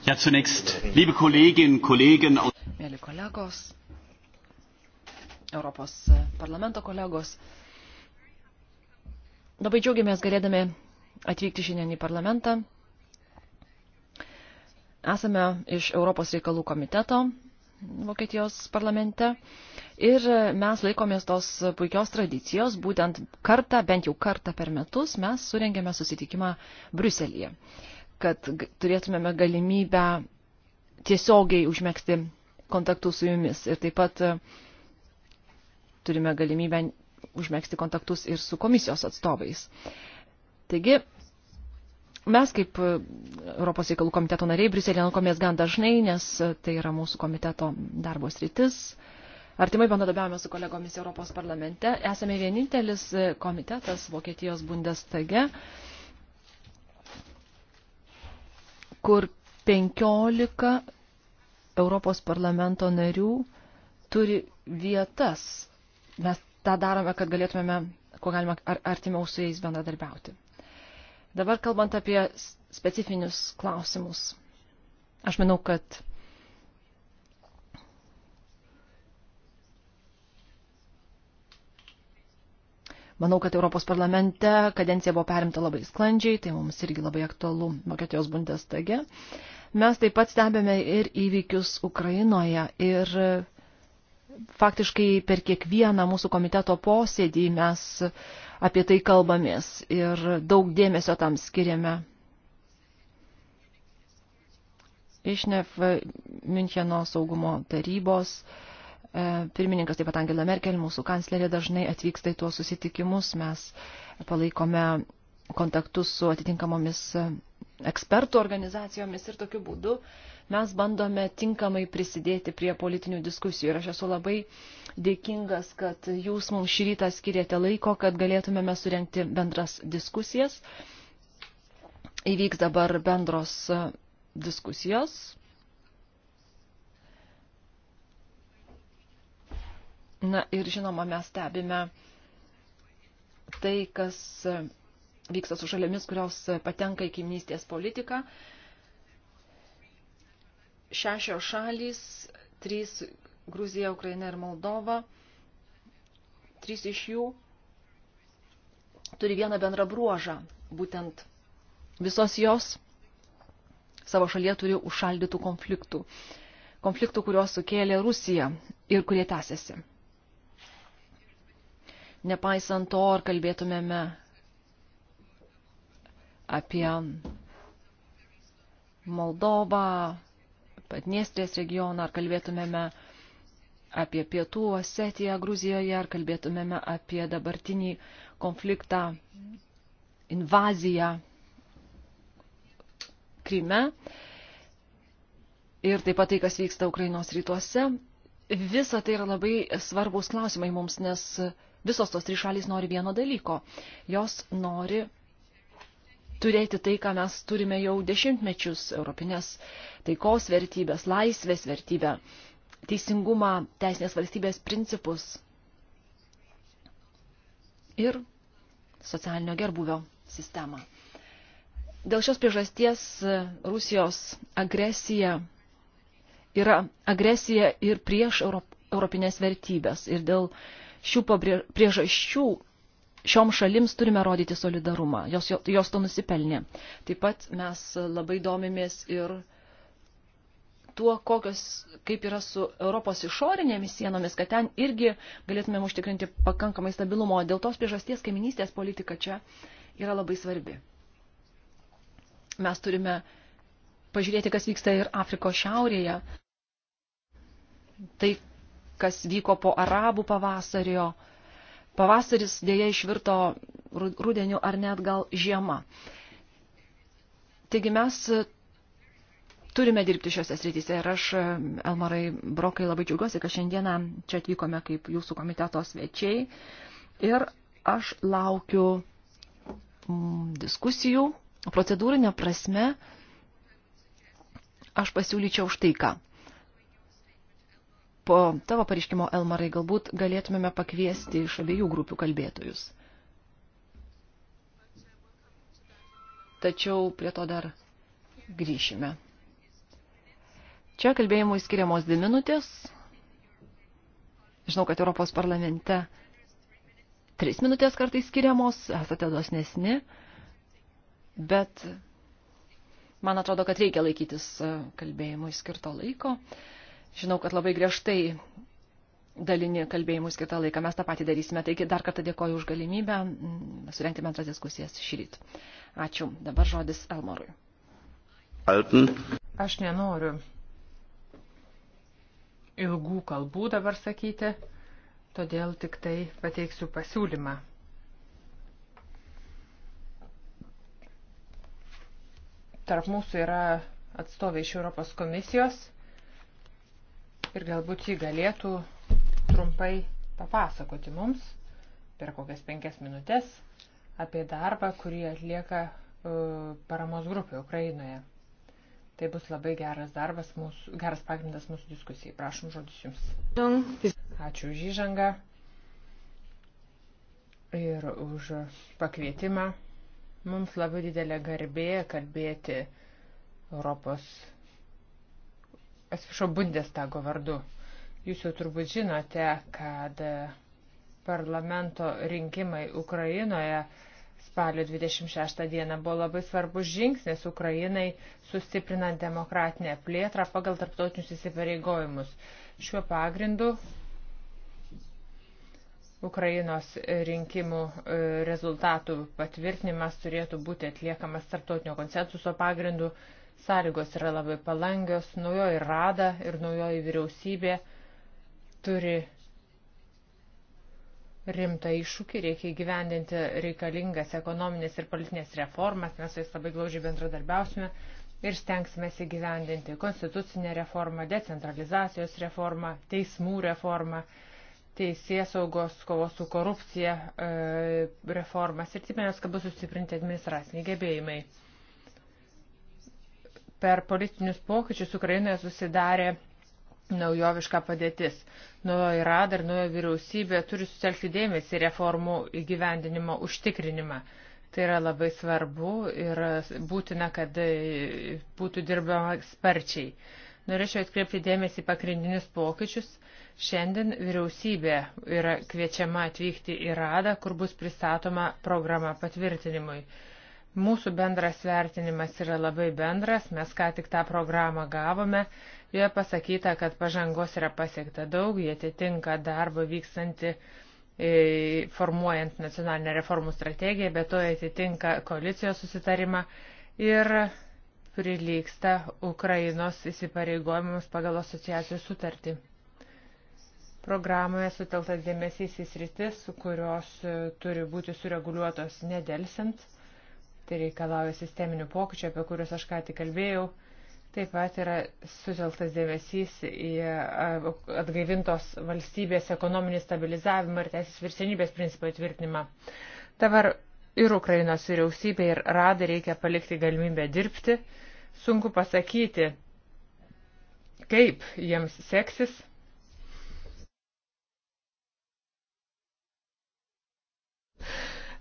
Ja, zunächst, liebe Kolleginnen und Kollegen aus Mėly kolegos, Europos parlamento kolegos, labai džiaugiamės galėdami atvykti šiandien į parlamentą. Esame iš Europos reikalų komiteto, Vokietijos parlamente. Ir mes laikomės tos puikios tradicijos, būtent kartą, bent jau kartą per metus mes surengėme susitikimą Bruselėje, kad turėtumėme galimybę tiesiogiai užmėgsti kontaktus su jumis. Ir taip pat e, turime galimybę užmėgsti kontaktus ir su komisijos atstovais. Taigi, Mes kaip e, Europos reikalų komiteto nariai Briuselėje lankomės gan dažnai, nes e, tai yra mūsų komiteto darbo sritis. Artimai bendradarbiavame su kolegomis Europos parlamente. Esame vienintelis e, komitetas Vokietijos Bundestage, kur 15 Europos parlamento narių turi vietas. Mes tą darome, kad galėtumėme, kuo galima, ar, artimiau su jais bendradarbiauti. Dabar kalbant apie specifinius klausimus. Aš manau, kad Manau, kad Europos parlamente kadencija buvo perimta labai sklandžiai, tai mums irgi labai aktualu Vokietijos bundestage. Mes taip pat stebėme ir įvykius Ukrainoje ir faktiškai per kiekvieną mūsų komiteto posėdį mes apie tai kalbamės ir daug dėmesio tam skiriame. Išnef Müncheno saugumo tarybos e, pirmininkas, taip pat Angela Merkel, mūsų kanclerė dažnai atvyksta į tuos susitikimus, mes palaikome kontaktus su atitinkamomis e, ekspertų organizacijomis ir tokiu būdu uh, mes bandome tinkamai prisidėti prie politinių diskusijų. Ir aš esu labai dėkingas, kad jūs mums šį rytą skirėte laiko, kad galėtumėme surenkti bendras diskusijas. Įvyks dabar bendros e, diskusijos. Na ir žinoma, mes stebime tai, kas e, vyksta su šalimis, kurios patenka į kaimynystės politiką. Uh, šešios šalys, trys Gruzija, Ukraina ir Moldova, trys iš jų turi vieną bendrą bruožą, būtent visos jos savo šalyje turi užšaldytų konfliktų, konfliktų, kuriuos sukėlė Rusija ir kurie tęsiasi. Nepaisant to, ar kalbėtumėme apie Moldovą, Padniestrės regioną, ar kalbėtumėme apie pietų Osetiją Gruzijoje, ar kalbėtumėme apie dabartinį konfliktą, invaziją Kryme ir taip pat tai, kas vyksta Ukrainos rytuose. Visa tai yra labai svarbus klausimai mums, nes visos tos trys šalys nori vieno dalyko. Jos nori turėti tai, ką mes turime jau dešimtmečius - europinės taikos vertybės, laisvės vertybę, teisingumą, teisinės valstybės principus ir socialinio gerbuvio sistemą. Dėl šios priežasties Rusijos agresija yra agresija ir prieš europinės vertybės. Ir dėl šių priežasčių šioms šalims turime rodyti solidarumą, jos, jos to nusipelnė. Taip pat mes labai domimės ir tuo, kokios, kaip yra su Europos išorinėmis sienomis, kad ten irgi galėtumėm užtikrinti pakankamai stabilumo. Dėl tos priežasties kaiminystės politika čia yra labai svarbi. Mes turime pažiūrėti, kas vyksta ir Afrikos šiaurėje. Tai, kas vyko po arabų pavasario, pavasaris dėja išvirto rudeniu ar net gal žiema. Taigi mes turime dirbti šiuose srityse ir aš, Elmarai Brokai, labai džiaugiuosi, kad šiandieną čia atvykome kaip jūsų komiteto svečiai ir aš laukiu mm, diskusijų procedūrinė prasme. Aš pasiūlyčiau štai ką po tavo pareiškimo, Elmarai, galbūt galėtumėme pakviesti iš abiejų grupių kalbėtojus. Tačiau prie to dar grįšime. Čia kalbėjimui skiriamos dvi minutės. Žinau, kad Europos parlamente tris minutės kartais skiriamos, esate dosnesni, bet man atrodo, kad reikia laikytis kalbėjimui skirto laiko. Uh, Žinau, kad labai griežtai dalini kalbėjimus kitą laiką. Mes tą patį darysime. Taigi dar kartą dėkoju už galimybę mm, surengti bendras diskusijas šį rytą. Ačiū. Dabar žodis Elmorui. Alpen. Aš nenoriu ilgų kalbų dabar sakyti, todėl tik tai pateiksiu pasiūlymą. Tarp mūsų yra atstovai iš Europos komisijos ir galbūt jį galėtų trumpai papasakoti mums per kokias penkias minutės apie darbą, kurį atlieka e, paramos grupė Ukrainoje. Tai bus labai geras darbas, mūsų, geras pagrindas mūsų diskusijai. Prašom žodis Jums. Ačiū už įžangą ir už pakvietimą. Mums labai didelė garbė kalbėti Europos atsiprašau, Bundestago vardu. Jūs jau turbūt žinote, kad parlamento rinkimai Ukrainoje spalio 26 dieną buvo labai svarbus žingsnis Ukrainai sustiprinant demokratinę plėtrą pagal tarptautinius įsipareigojimus. Šiuo pagrindu Ukrainos rinkimų e, rezultatų patvirtinimas turėtų būti atliekamas tarptautinio konsensuso pagrindu Sąlygos yra labai palangios, naujoji rada ir naujoji vyriausybė turi rimtą iššūkį, reikia įgyvendinti reikalingas ekonominės ir politinės reformas, mes su jais labai glaužiai bendradarbiausime ir stengsime įgyvendinti konstitucinę reformą, decentralizacijos reformą, teismų reformą, teisės saugos, kovos su korupcija e, reformas ir tikimės, kad bus sustiprinti administraciniai gebėjimai per politinius pokyčius Ukrainoje susidarė naujoviška padėtis. Naujoji rada ir naujoji vyriausybė turi sutelkti dėmesį reformų įgyvendinimo užtikrinimą. Tai yra labai svarbu ir būtina, kad būtų dirbama sparčiai. Norėčiau atkreipti dėmesį pagrindinius pokyčius. Šiandien vyriausybė yra kviečiama atvykti į radą, kur bus pristatoma programa patvirtinimui. Mūsų bendras vertinimas yra labai bendras, mes ką tik tą programą gavome, joje pasakyta, kad pažangos yra pasiekta daug, jie atitinka darbo vykstanti e, formuojant nacionalinę reformų strategiją, bet to atitinka koalicijos susitarimą ir prilyksta Ukrainos įsipareigojimams pagal asociacijos sutartį. Programoje suteltas dėmesys į sritis, kurios e, turi būti sureguliuotos nedelsint tai reikalauja sisteminių pokyčių, apie kuriuos aš ką tik kalbėjau. Taip pat yra sutelktas dėmesys į atgaivintos valstybės ekonominį stabilizavimą ir teisės virsienybės principą įtvirtinimą. Dabar ir Ukrainos vyriausybė ir radai reikia palikti galimybę dirbti. Sunku pasakyti, kaip jiems seksis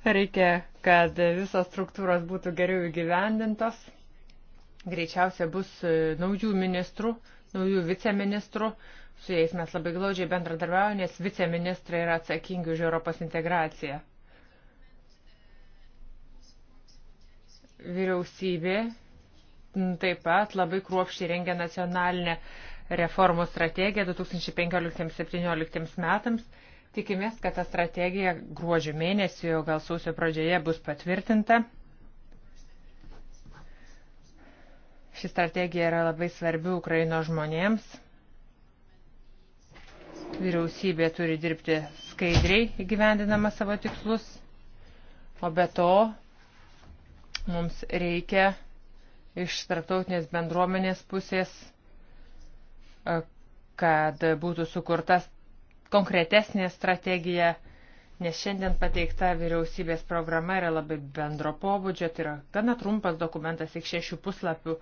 Reikia, kad visos struktūros būtų geriau įgyvendintos. Greičiausia bus e, naujų ministrų, naujų viceministrų. Su jais mes labai glaudžiai bendradarbiaujame, nes viceministrai yra atsakingi už Europos integraciją. Vyriausybė taip pat labai kruopščiai rengia nacionalinę reformų strategiją 2015-2017 metams Tikimės, kad ta strategija gruodžio mėnesį, o gal sausio pradžioje bus patvirtinta. Ši strategija yra labai svarbi Ukraino žmonėms. Vyriausybė turi dirbti skaidriai įgyvendinama savo tikslus, o be to mums reikia iš tarptautinės bendruomenės pusės, kad būtų sukurtas konkretesnė strategija, nes šiandien pateikta vyriausybės programa yra labai bendro pobūdžio, tai yra gana trumpas dokumentas, tik šešių puslapių.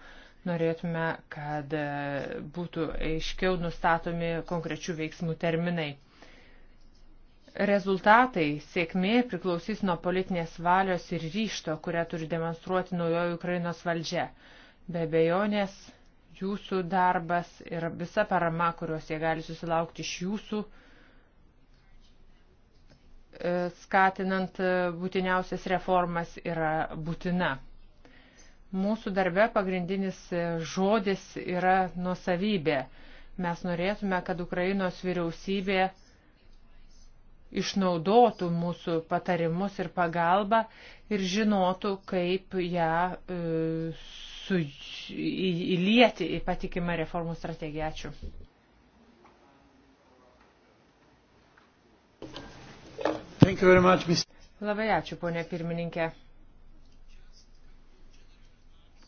Norėtume, kad e, būtų aiškiau nustatomi konkrečių veiksmų terminai. Rezultatai, sėkmė priklausys nuo politinės valios ir ryšto, kurią turi demonstruoti naujoji Ukrainos valdžia. Be bejonės, jūsų darbas ir visa parama, kurios jie gali susilaukti iš jūsų, E, skatinant e, būtiniausias reformas yra būtina. Mūsų darbe pagrindinis e, žodis yra nuosavybė. Mes norėtume, kad Ukrainos vyriausybė išnaudotų mūsų patarimus ir pagalbą ir žinotų, kaip ją e, su, į, įlieti į patikimą reformų strategiją. Ačiū. Much, Labai ačiū, ponė pirmininkė.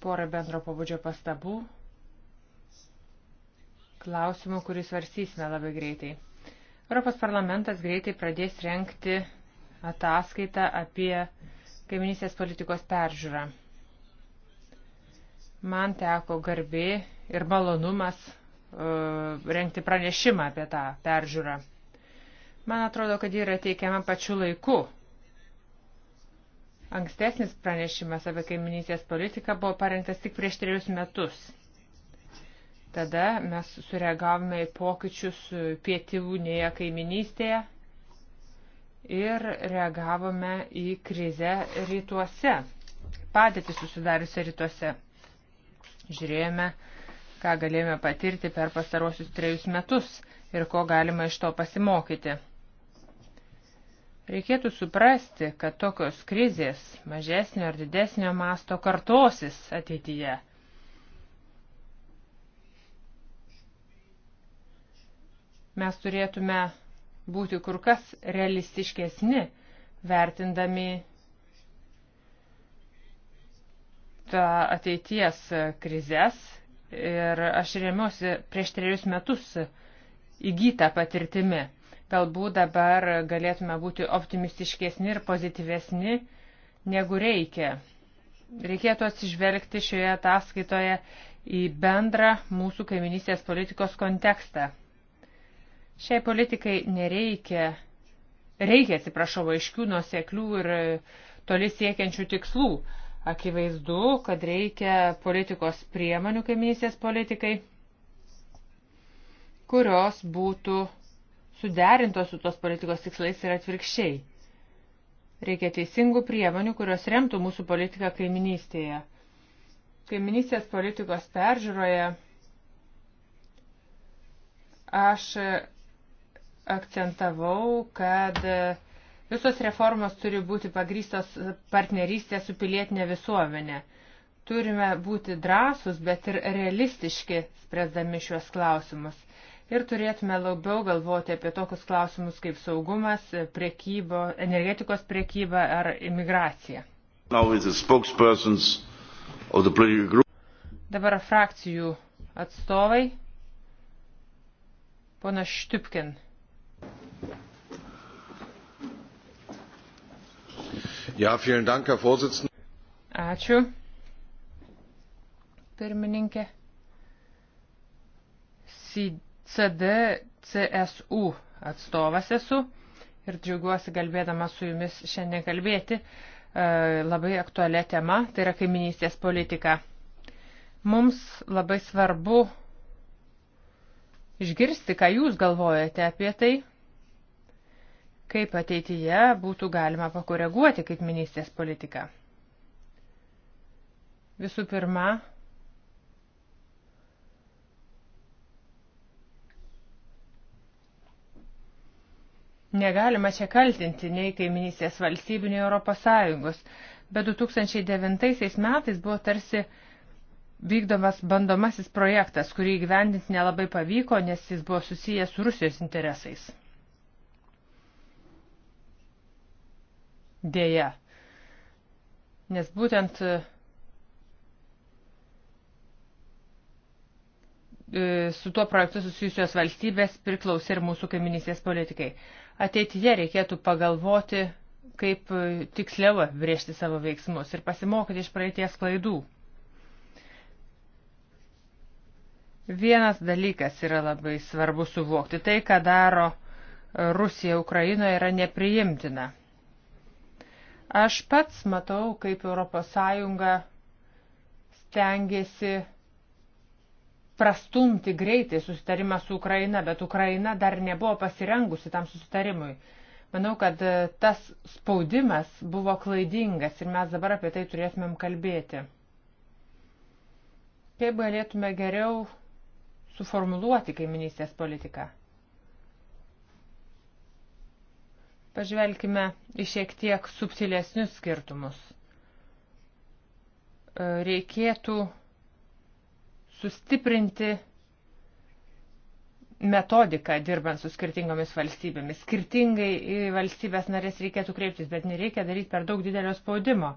Porą bendro pabudžio pastabų. Klausimų, kurį svarstysime labai greitai. Europos parlamentas greitai pradės renkti ataskaitą apie kaiminysės politikos peržiūrą. Man teko garbė ir malonumas uh, e, renkti pranešimą apie tą peržiūrą. Man atrodo, kad ji yra teikiama pačiu laiku. Ankstesnis pranešimas apie kaiminysės politiką buvo parengtas tik prieš trejus metus. Tada mes sureagavome į pokyčius pietivūnėje kaiminystėje ir reagavome į krizę rytuose, padėtį susidariusią rytuose. Žiūrėjome, ką galėjome patirti per pastarosius trejus metus ir ko galima iš to pasimokyti. Reikėtų suprasti, kad tokios krizės mažesnio ar didesnio masto kartosis ateityje. Mes turėtume būti kur kas realistiškesni, vertindami tą ateities krizės. Ir aš remiuosi prieš trejus metus įgytą patirtimį Galbūt dabar galėtume būti optimistiškesni ir pozityvesni negu reikia. Reikėtų atsižvelgti šioje ataskaitoje į bendrą mūsų kaiminystės politikos kontekstą. Šiai politikai nereikia, reikia, atsiprašau, aiškių, nuoseklių ir e, toli siekiančių tikslų. Akivaizdu, kad reikia politikos priemonių kaiminystės politikai, kurios būtų suderintos su tos politikos tikslais ir atvirkščiai. Reikia teisingų priemonių, kurios remtų mūsų politiką kaiminystėje. Kaiminystės politikos peržiūroje aš akcentavau, kad visos reformos turi būti pagrystos partnerystė su pilietinė visuomenė. Turime būti drąsus, bet ir realistiški, spręsdami šiuos klausimus ir turėtume labiau galvoti apie tokius klausimus kaip saugumas, priekybo, energetikos priekyba ar imigracija. Dabar frakcijų atstovai. Pona Štipkin. Ja, Dank, Herr Ačiū, pirmininkė. Sid CDCSU atstovas esu ir džiaugiuosi galbėdama su jumis šiandien kalbėti e, labai aktualią temą, tai yra kaiminystės politika. Mums labai svarbu išgirsti, ką jūs galvojate apie tai, kaip ateityje būtų galima pakoreguoti kaiminystės politiką. Visų pirma, Negalima čia kaltinti nei kaiminysės valstybių, nei Europos Sąjungos, bet 2009 metais buvo tarsi vykdomas bandomasis projektas, kurį gyvendinti nelabai pavyko, nes jis buvo susijęs su Rusijos interesais. Deja. Nes būtent e, su tuo projektu susijusios valstybės priklausė ir mūsų kaiminysės politikai. Ateityje reikėtų pagalvoti, kaip e, tiksliau brėžti savo veiksmus ir pasimokyti iš praeities klaidų. Vienas dalykas yra labai svarbu suvokti. Tai, ką daro e, Rusija Ukrainoje, yra nepriimtina. Aš pats matau, kaip ES stengiasi prastumti greitai susitarimą su Ukraina, bet Ukraina dar nebuvo pasirengusi tam susitarimui. Manau, kad e, tas spaudimas buvo klaidingas ir mes dabar apie tai turėtumėm kalbėti. Kaip galėtume geriau suformuluoti kaiminystės politiką? Pažvelkime į šiek tiek subtilesnius skirtumus. E, reikėtų sustiprinti metodiką dirbant su skirtingomis valstybėmis. Skirtingai į valstybės narės reikėtų kreiptis, bet nereikia daryti per daug didelio spaudimo,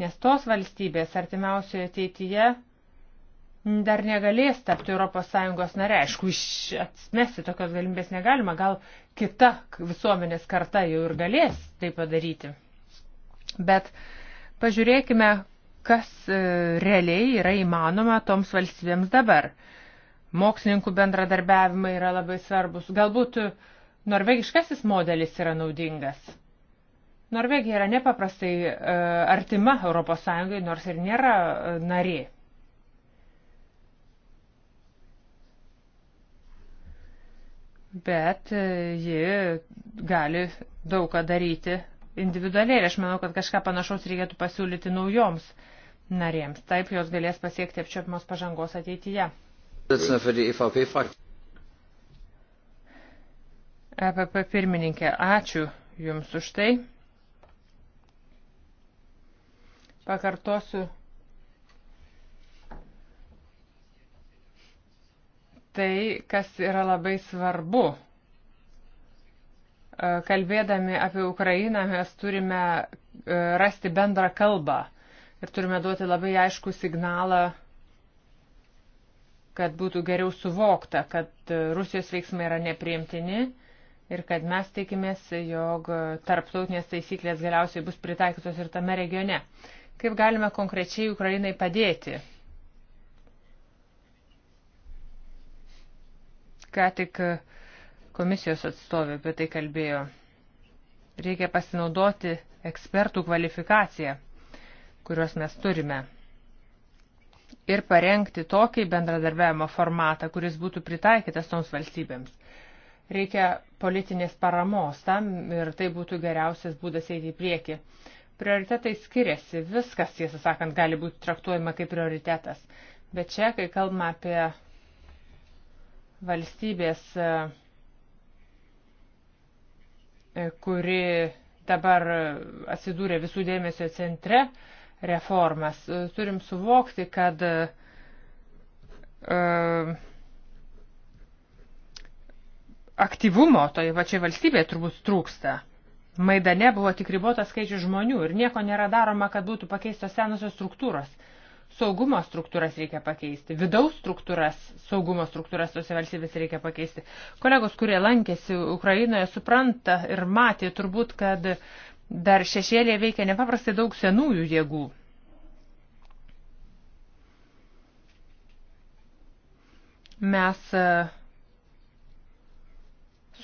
nes tos valstybės artimiausioje ateityje dar negalės tapti ES nare. Aišku, atmesti tokios galimybės negalima, gal kita visuomenės karta jau ir galės tai padaryti. Bet pažiūrėkime, kas e, realiai yra įmanoma toms valstybėms dabar. Mokslininkų bendradarbiavimai yra labai svarbus. Galbūt norvegiškasis modelis yra naudingas. Norvegija yra nepaprastai e, artima ES, nors ir nėra e, narė. Bet ji gali daug ką daryti individualiai ir aš manau, kad kažką panašaus reikėtų pasiūlyti naujoms narėms. Taip jos galės pasiekti apčiopiamos pažangos ateityje. EPP pirmininkė, ačiū Jums už tai. Pakartosiu. Tai, kas yra labai svarbu E, kalbėdami apie Ukrainą mes turime e, rasti bendrą kalbą ir turime duoti labai aišku signalą, kad būtų geriau suvokta, kad e, Rusijos veiksmai yra nepriimtini ir kad mes tikimės, jog tarptautinės taisyklės galiausiai bus pritaikytos ir tame regione. Kaip galime konkrečiai Ukrainai padėti? Ką tik uh, Komisijos atstovė apie tai kalbėjo. Reikia pasinaudoti ekspertų kvalifikaciją, kuriuos mes turime. Ir parengti tokį bendradarbiavimo formatą, kuris būtų pritaikytas toms valstybėms. Reikia politinės paramos tam ir tai būtų geriausias būdas eiti į priekį prioritetai skiriasi, viskas, tiesą sakant, gali būti traktuojama kaip prioritetas. Bet čia, kai kalbame apie valstybės E, kuri dabar atsidūrė visų dėmesio centre reformas, e, turim suvokti, kad uh, aktyvumo toje pačioje valstybėje turbūt trūksta. Maidane buvo tik ribotas skaičius žmonių ir nieko nėra daroma, kad būtų pakeistos senosios struktūros. Uh, saugumo struktūras reikia pakeisti, vidaus struktūras, saugumo struktūras tose valstybėse reikia pakeisti. Kolegos, kurie lankėsi Ukrainoje, supranta ir matė turbūt, kad dar šešėlėje veikia nepaprastai daug senųjų jėgų. Mes e,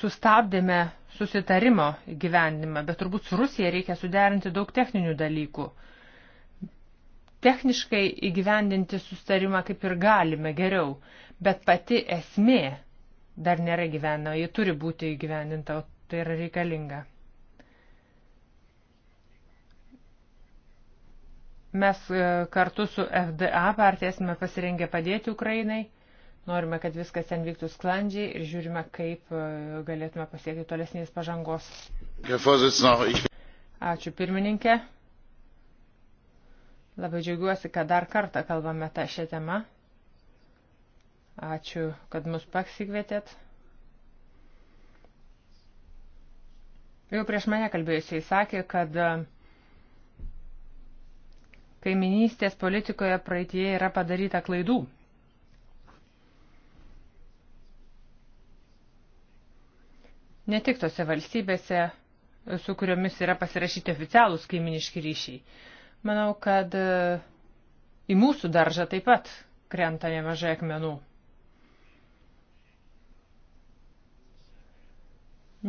sustabdėme susitarimo gyvenimą, bet turbūt su Rusija reikia suderinti daug techninių dalykų techniškai įgyvendinti sustarimą kaip ir galime geriau, bet pati esmė dar nėra gyvena, ji turi būti įgyvendinta, o tai yra reikalinga. Mes e, kartu su FDA partija esame pasirengę padėti Ukrainai, norime, kad viskas ten vyktų sklandžiai ir žiūrime, kaip e, galėtume pasiekti tolesnės pažangos. Ačiū pirmininkė. Labai džiaugiuosi, kad dar kartą kalbame tą šią temą. Ačiū, kad mus paksikvietėt. Jau prieš mane kalbėjusiai sakė, kad e, kaiminystės politikoje praeitie yra padaryta klaidų. Ne tik tose valstybėse, su kuriomis yra pasirašyti oficialūs kaiminiški ryšiai, Manau, kad e, į mūsų daržą taip pat krenta nemažai akmenų.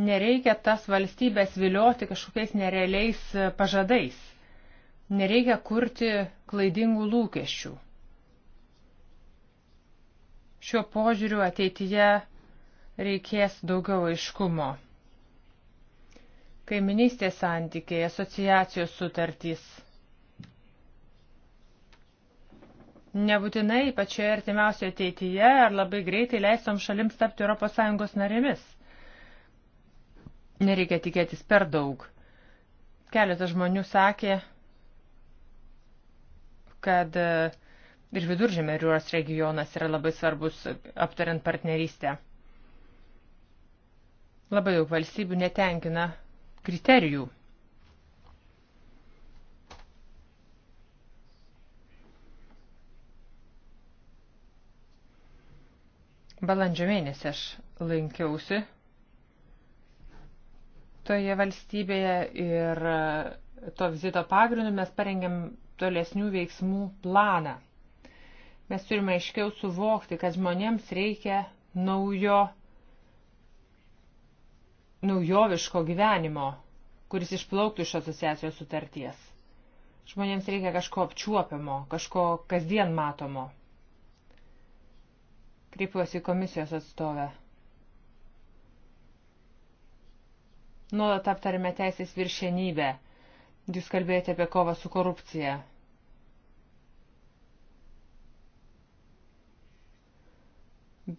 Nereikia tas valstybės vilioti kažkokiais nerealiais e, pažadais. Nereikia kurti klaidingų lūkesčių. Šiuo požiūriu ateityje reikės daugiau aiškumo. Kaiminystės santykiai, asociacijos sutartys – nebūtinai pačioje artimiausioje ateityje ar labai greitai leisom šalims tapti ES narėmis. Nereikia tikėtis per daug. Keletas žmonių sakė, kad e, ir viduržėmė jūros regionas yra labai svarbus e, aptariant partnerystę. Labai daug valstybių netenkina kriterijų Balandžio mėnesį aš lankiausi toje valstybėje ir to vizito pagrindu mes parengėm tolesnių veiksmų planą. Mes turime aiškiau suvokti, kad žmonėms reikia naujo, naujoviško gyvenimo, kuris išplauktų iš asociacijos sutarties. Žmonėms reikia kažko apčiuopiamo, kažko kasdien matomo. Kreipiuosi į komisijos atstovę. Nuolat aptarėme teisės viršenybę. Jūs kalbėjote apie kovą su korupcija.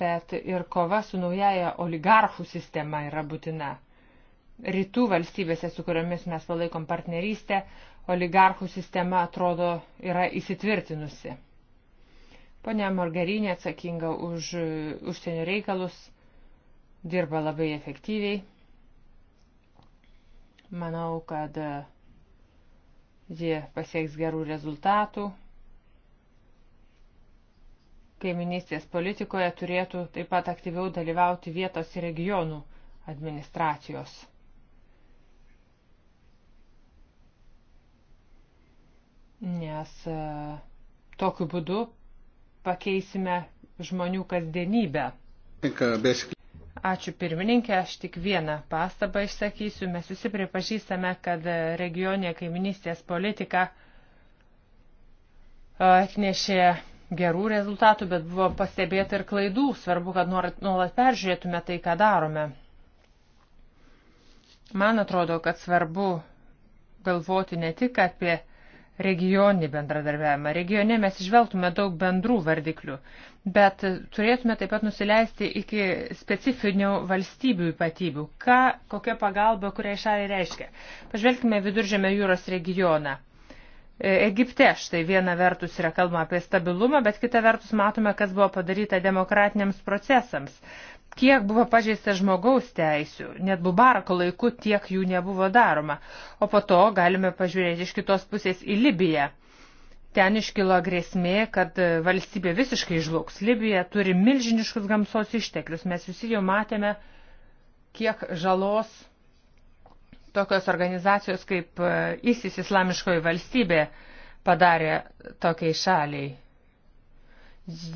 Bet ir kova su naujaja oligarchų sistema yra būtina. Rytų valstybėse, su kuriomis mes palaikom partnerystę, oligarchų sistema atrodo yra įsitvirtinusi. Pone Morgarinė atsakinga už e, užsienio reikalus, dirba labai efektyviai. Manau, kad e, ji pasieks gerų rezultatų. Kaiminystės politikoje turėtų taip pat aktyviau dalyvauti vietos ir regionų administracijos. Nes e, tokiu būdu pakeisime žmonių kasdienybę. Ačiū pirmininkė, aš tik vieną pastabą išsakysiu. Mes visi pripažįstame, kad regionė kaiminystės politika e, atnešė gerų rezultatų, bet buvo pastebėta ir klaidų. Svarbu, kad nuolat peržiūrėtume tai, ką darome. Man atrodo, kad svarbu galvoti ne tik apie regioninį bendradarbiavimą. Regione mes išvelgtume daug bendrų vardiklių, bet turėtume taip pat nusileisti iki specifinių valstybių ypatybių. Ką, kokia pagalba, kuriai šaliai reiškia? Pažvelkime viduržėme jūros regioną. E, Egipte štai viena vertus yra kalbama apie stabilumą, bet kita vertus matome, kas buvo padaryta demokratiniams procesams kiek buvo pažeista žmogaus teisių, net Bubarako laiku tiek jų nebuvo daroma. O po to galime pažiūrėti iš kitos pusės į Libiją. Ten iškilo grėsmė, kad e, valstybė visiškai žlugs. Libija turi milžiniškus gamtos išteklius. Mes visi jau matėme, kiek žalos tokios organizacijos kaip e, ISIS islamiškoji valstybė padarė tokiai šaliai.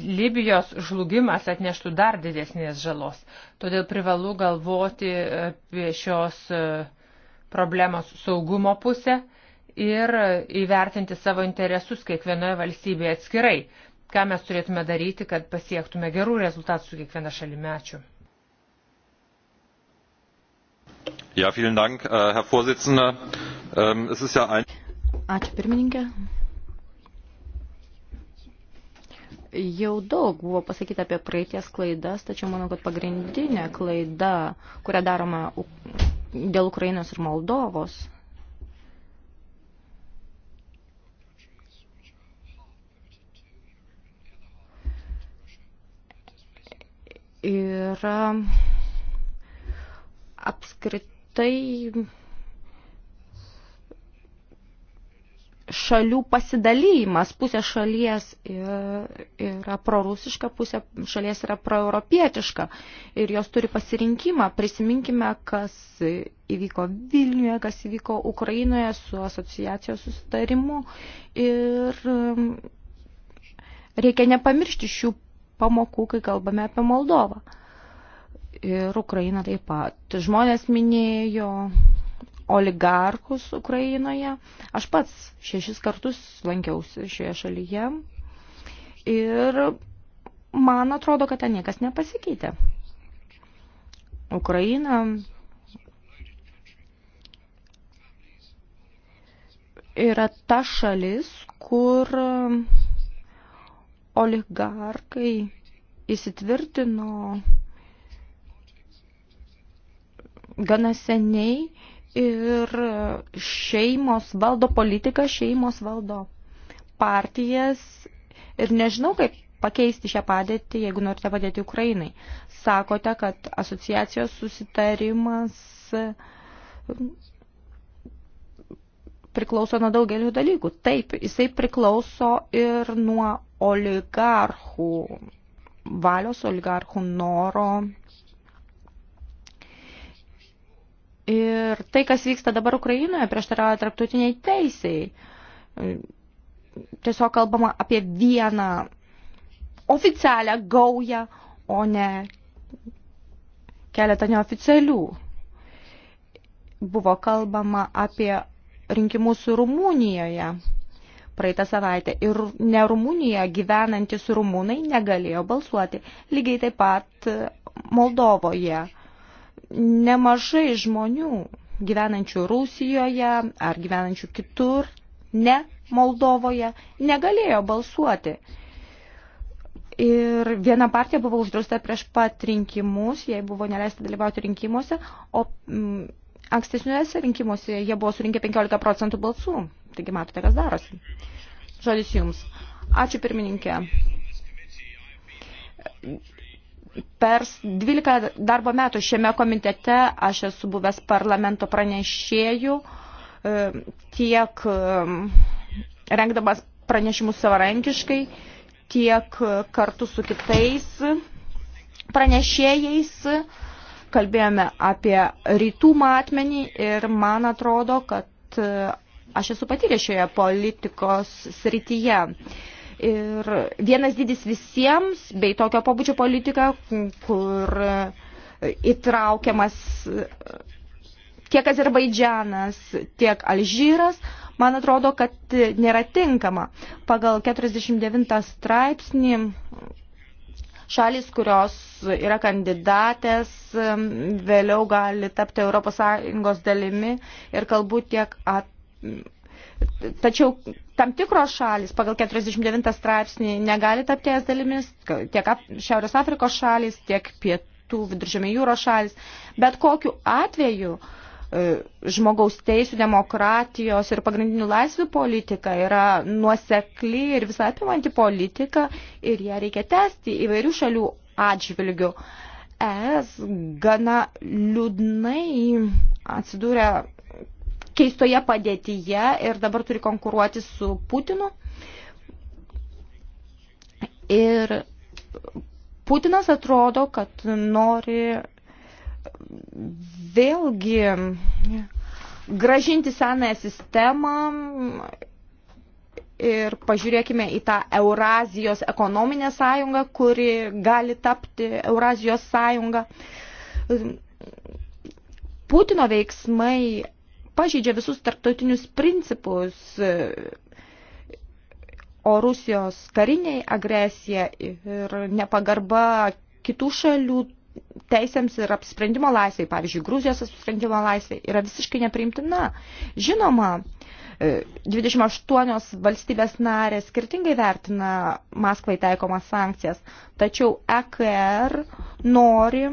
Libijos žlugimas atneštų dar didesnės žalos. Todėl privalu galvoti apie šios e, problemos saugumo pusę ir įvertinti savo interesus kiekvienoje valstybėje atskirai, ką mes turėtume daryti, kad pasiektume gerų rezultatų su kiekviena šalimi. Ačiū. Ja, vielen Dank, äh, Herr Vorsitzender. Ähm, es ist ja ein. Ačiū pirmininkė. Jau daug buvo pasakyta apie praeities klaidas, tačiau manau, kad pagrindinė klaida, kurią daroma dėl Ukrainos ir Moldovos, yra apskritai šalių pasidalymas. Pusė šalies yra prorusiška, pusė šalies yra proeuropietiška ir jos turi pasirinkimą. Prisiminkime, kas įvyko Vilniuje, kas įvyko Ukrainoje su asociacijos sustarimu ir reikia nepamiršti šių pamokų, kai kalbame apie Moldovą. Ir Ukraina taip pat. Žmonės minėjo oligarchus Ukrainoje. Aš pats šešis kartus lankiausi šioje šalyje ir man atrodo, kad ten niekas nepasikeitė. Ukraina yra ta šalis, kur oligarkai įsitvirtino gana seniai ir šeimos valdo politiką, šeimos valdo partijas ir nežinau, kaip pakeisti šią padėtį, jeigu norite padėti Ukrainai. Sakote, kad asociacijos susitarimas um, priklauso nuo daugelių dalykų. Taip, jisai priklauso ir nuo oligarchų valios, oligarchų noro Ir tai, kas vyksta dabar Ukrainoje, prieštarauja tarptautiniai teisėjai. Tiesiog kalbama apie vieną oficialią gaują, o ne keletą neoficialių. Buvo kalbama apie rinkimus Rumunijoje praeitą savaitę ir ne Rumunijoje gyvenantis rumūnai negalėjo balsuoti. Lygiai taip pat Moldovoje nemažai žmonių gyvenančių Rusijoje ar gyvenančių kitur, ne Moldovoje, negalėjo balsuoti. Ir viena partija buvo uždrausta prieš pat rinkimus, jai buvo neleista dalyvauti rinkimuose, o mm, ankstesniuose rinkimuose jie buvo surinkę 15 procentų balsų. Taigi matote, kas darosi. Žodis jums. Ačiū pirmininkė Per 12 darbo metų šiame komitete aš esu buvęs parlamento pranešėjų e, tiek e, rengdamas pranešimus savarankiškai, tiek e, kartu su kitais pranešėjais. Kalbėjome apie rytų matmenį ir man atrodo, kad aš esu patyrę šioje politikos srityje. Uh, Ir vienas dydis visiems, bei tokio pobūdžio politika, kur e, įtraukiamas e, tiek Azerbaidžianas, tiek Alžyras, man atrodo, kad nėra tinkama. Pagal 49 straipsnį šalis, kurios yra kandidatės, e, vėliau gali tapti ES dalimi ir kalbu tiek at... Tačiau tam tikros šalis pagal 49 straipsnį negali tapti es dalimis, tiek Šiaurės Afrikos šalis, tiek pietų viduržėmė jūros šalis. Bet kokiu atveju e, žmogaus teisų, demokratijos ir pagrindinių laisvių politika yra nuosekli ir visą apimanti politika ir ją reikia tęsti įvairių šalių atžvilgių. Es gana liūdnai atsidūrė keistoje padėtyje ir dabar turi konkuruoti su Putinu. Ir Putinas atrodo, kad nori vėlgi gražinti senąją sistemą ir pažiūrėkime į tą Eurazijos ekonominę sąjungą, kuri gali tapti Eurazijos sąjunga. Putino veiksmai pažeidžia visus tarptautinius principus, o Rusijos kariniai agresija ir nepagarba kitų šalių teisėms ir apsisprendimo laisvai, pavyzdžiui, Gruzijos apsisprendimo laisvai, yra visiškai nepriimtina. Žinoma, 28 e, valstybės narės skirtingai vertina Maskvai taikomas sankcijas, tačiau EKR nori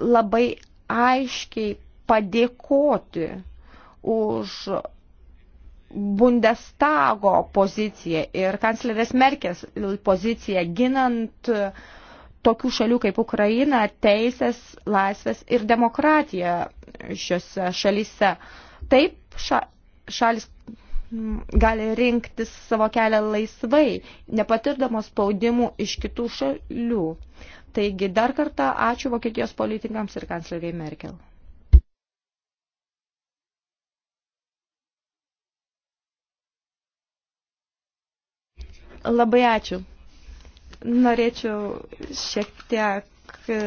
labai aiškiai padėkoti už Bundestago poziciją ir kanclerės Merkės poziciją ginant tokių šalių kaip Ukraina teisės, laisvės ir demokratiją šiuose šalyse. Taip, ša, šalis gali rinktis savo kelią laisvai, nepatirdamos spaudimų iš kitų šalių. Taigi dar kartą ačiū Vokietijos politikams ir kancleriai Merkel. Labai ačiū. Norėčiau šiek tiek e,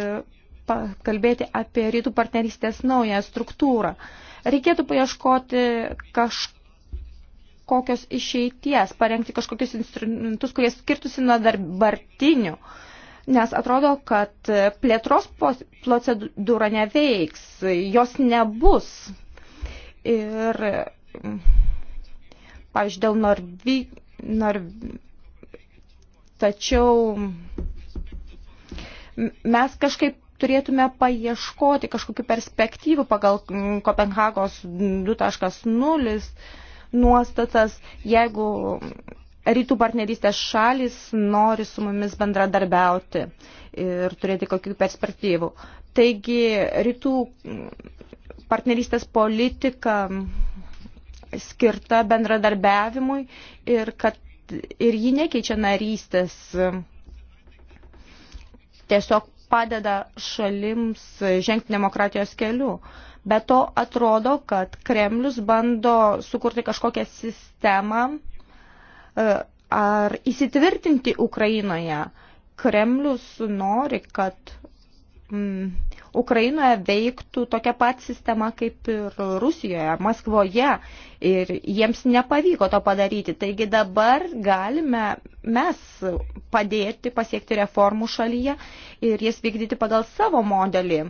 kalbėti apie rytų partnerystės naują struktūrą. Reikėtų paieškoti kažką kokios išeities, parengti kažkokius instrumentus, kurie skirtusi nuo dabartinių. Nes atrodo, kad plėtros procedūra neveiks, jos nebus. Ir, pavyzdžiui, dėl Norvi, Norvi, Tačiau mes kažkaip turėtume paieškoti kažkokių perspektyvų pagal Kopenhagos 2.0 nuostatas, jeigu rytų partnerystės šalis nori su mumis bendradarbiauti ir turėti kokių perspektyvų. Taigi rytų partnerystės politika skirta bendradarbiavimui ir kad ir ji nekeičia narystės, tiesiog padeda šalims žengti demokratijos keliu. Bet to atrodo, kad Kremlius bando sukurti kažkokią sistemą e, ar įsitvirtinti Ukrainoje. Kremlius nori, kad mm, Ukrainoje veiktų tokia pat sistema kaip ir Rusijoje, Maskvoje ir jiems nepavyko to padaryti. Taigi dabar galime mes padėti pasiekti reformų šalyje ir jas vykdyti pagal savo modelį.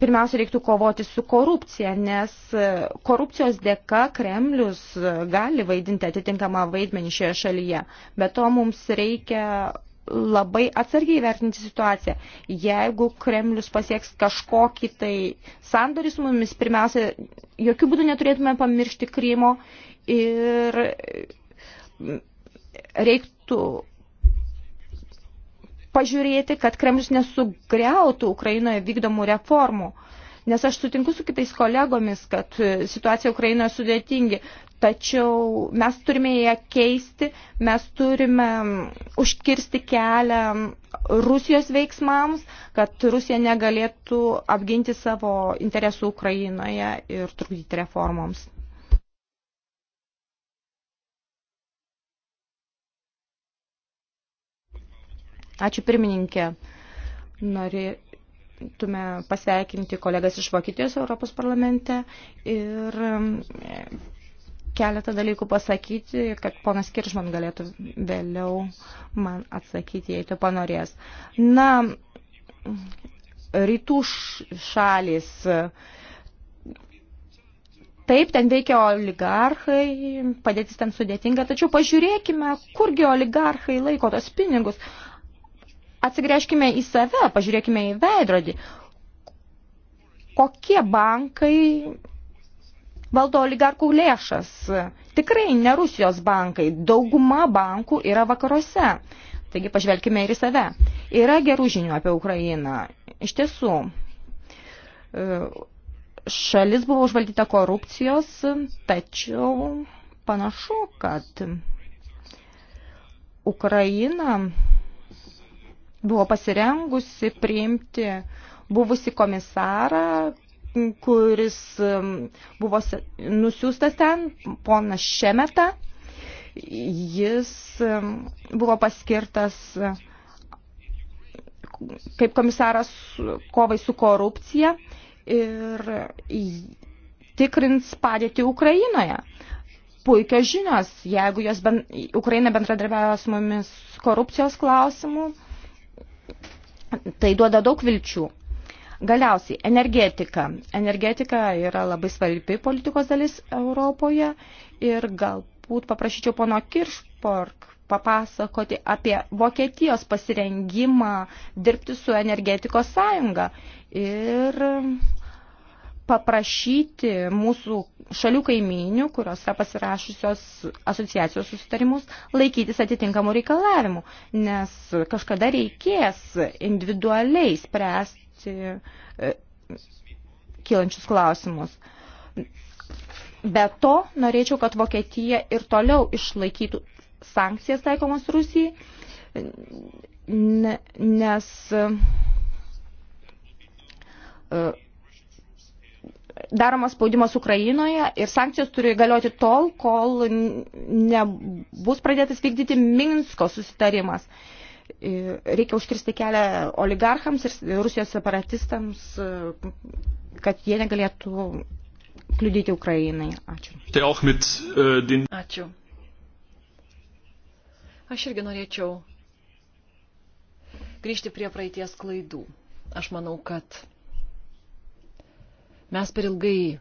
Pirmiausia, reiktų kovoti su korupcija, nes korupcijos dėka Kremlius gali vaidinti atitinkamą vaidmenį šioje šalyje. Be to mums reikia labai atsargiai vertinti situaciją. Jeigu Kremlius pasieks kažkokį tai sandorį su mumis, pirmiausia, jokių būdų neturėtume pamiršti Krymo ir reiktų pažiūrėti, kad Kremlius nesugriautų Ukrainoje vykdomų reformų. Nes aš sutinku su kitais kolegomis, kad situacija Ukrainoje sudėtingi, tačiau mes turime ją keisti, mes turime užkirsti kelią Rusijos veiksmams, kad Rusija negalėtų apginti savo interesų Ukrainoje ir trukdyti reformoms. Ačiū pirmininkė. Norėtume pasveikinti kolegas iš Vokietijos Europos parlamente ir keletą dalykų pasakyti, kad ponas Kiršman galėtų vėliau man atsakyti, jei to panorės. Na, rytų šalis. Taip, ten veikia oligarchai, padėtis ten sudėtinga, tačiau pažiūrėkime, kurgi oligarchai laiko tos pinigus. Atsigrėžkime į save, pažiūrėkime į veidrodį. Kokie bankai valdo oligarkų lėšas. Tikrai ne Rusijos bankai, dauguma bankų yra vakaruose. Taigi pažvelkime ir į save. Yra gerų žinių apie Ukrainą. Iš tiesų, e, šalis buvo užvaldyta korupcijos, tačiau panašu, kad Ukraina buvo pasirengusi priimti buvusi komisarą kuris buvo nusiųstas ten, ponas Šemeta. Jis buvo paskirtas kaip komisaras kovai su korupcija ir tikrins padėtį Ukrainoje. Puikios žinios, jeigu jos ben, Ukraina bendradarbiavo su mumis korupcijos klausimų, tai duoda daug vilčių. Galiausiai, energetika. Energetika yra labai svarbi politikos dalis Europoje ir galbūt paprašyčiau pono Kiršpork papasakoti apie Vokietijos pasirengimą dirbti su energetikos sąjunga ir paprašyti mūsų šalių kaimynių, kurios yra pasirašusios asociacijos susitarimus, laikytis atitinkamų reikalavimų, nes kažkada reikės individualiai spręsti spręsti e, kylančius klausimus. Be to, norėčiau, kad Vokietija ir toliau išlaikytų sankcijas taikomas Rusijai, nes e, daromas spaudimas Ukrainoje ir sankcijos turi galioti tol, kol nebus pradėtas vykdyti Minsko susitarimas reikia užkirsti kelią oligarchams ir Rusijos separatistams, kad jie negalėtų kliudyti Ukrainai. Ačiū. Tai e, Ačiū. Aš irgi norėčiau grįžti prie praeities klaidų. Aš manau, kad mes per ilgai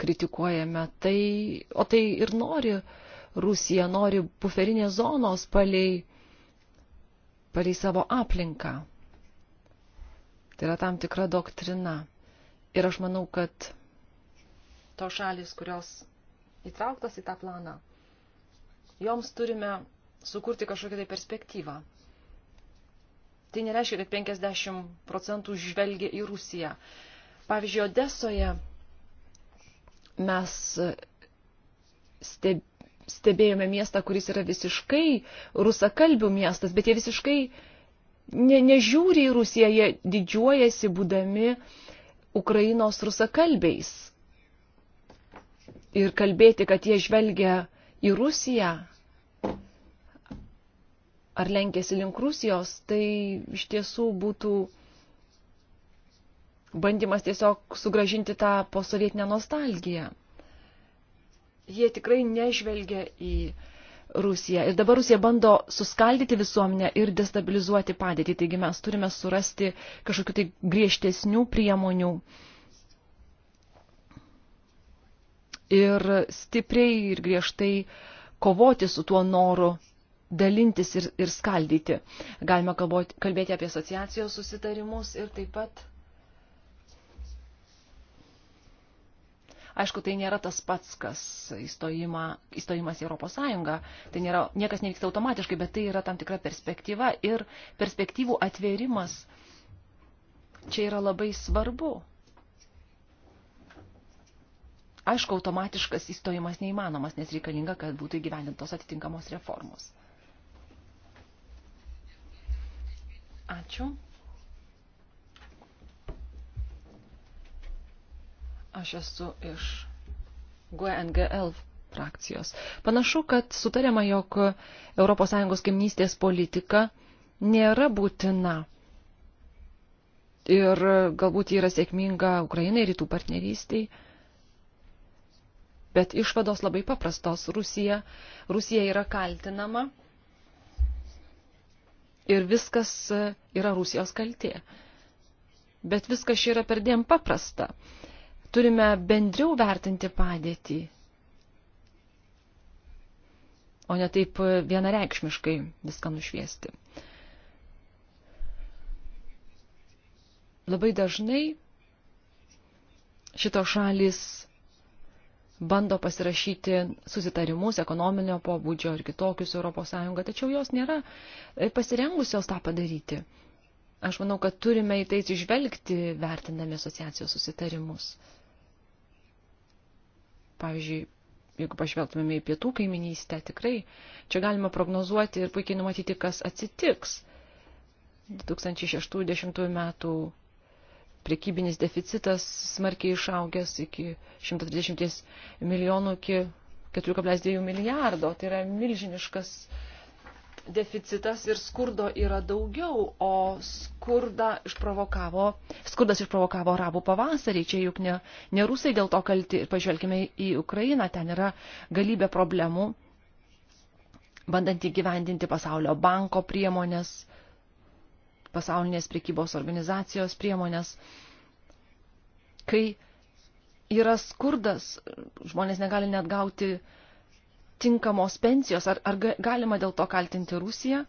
kritikuojame tai, o tai ir nori Rusija, nori buferinės zonos paliai palei savo aplinką. Tai yra tam tikra doktrina. Ir aš manau, kad tos šalis, kurios įtrauktas į tą planą, joms turime sukurti kažkokią tai perspektyvą. Tai nereiškia, kad 50 procentų žvelgia į Rusiją. Pavyzdžiui, Odesoje mes steb stebėjome miestą, kuris yra visiškai rusakalbių miestas, bet jie visiškai ne, nežiūri į Rusiją, jie didžiuojasi būdami Ukrainos rusakalbiais. Ir kalbėti, kad jie žvelgia į Rusiją ar lenkėsi link Rusijos, tai iš tiesų būtų bandymas tiesiog sugražinti tą posovietinę nostalgiją jie tikrai nežvelgia į Rusiją. Ir dabar Rusija bando suskaldyti visuomenę ir destabilizuoti padėtį. Taigi mes turime surasti kažkokiu tai griežtesnių priemonių ir stipriai ir griežtai kovoti su tuo noru dalintis ir, ir skaldyti. Galima kalbėti apie asociacijos susitarimus ir taip pat Aišku, tai nėra tas pats, kas įstojima, įstojimas į Europos Sąjungą. Tai nėra, niekas nevyksta automatiškai, bet tai yra tam tikra perspektyva ir perspektyvų atvėrimas čia yra labai svarbu. Aišku, automatiškas įstojimas neįmanomas, nes reikalinga, kad būtų įgyvendintos atitinkamos reformos. Ačiū. Aš esu iš GNGL frakcijos. Panašu, kad sutarėma, jog ES kaimnystės politika nėra būtina. Ir galbūt yra sėkminga Ukrainai rytų partnerystiai. Bet išvados labai paprastos. Rusija, Rusija yra kaltinama ir viskas yra Rusijos kaltė. Bet viskas čia yra perdėm paprasta turime bendriau vertinti padėtį, o ne taip vienareikšmiškai viską nušviesti. Labai dažnai šitos šalis bando pasirašyti susitarimus ekonominio pobūdžio ir kitokius ES, tačiau jos nėra e, pasirengusios tą padaryti. Aš manau, kad turime į tai išvelgti, vertindami asociacijos susitarimus. Pavyzdžiui, jeigu pažvelgtumėme į pietų kaiminystę, tikrai čia galima prognozuoti ir puikiai numatyti, kas atsitiks. 2060 metų priekybinis deficitas smarkiai išaugęs iki 130 milijonų iki 4,2 milijardo. Tai yra milžiniškas uh, deficitas ir skurdo yra daugiau, o skurda išprovokavo, skurdas išprovokavo arabų pavasarį. Čia juk ne, ne rusai dėl to kalti. Pažvelkime į Ukrainą, ten yra galybė problemų, bandant įgyvendinti pasaulio banko priemonės, pasaulinės prekybos organizacijos priemonės. Kai yra skurdas, žmonės negali net gauti uh, tinkamos pensijos. Ar, ar galima dėl to kaltinti Rusiją?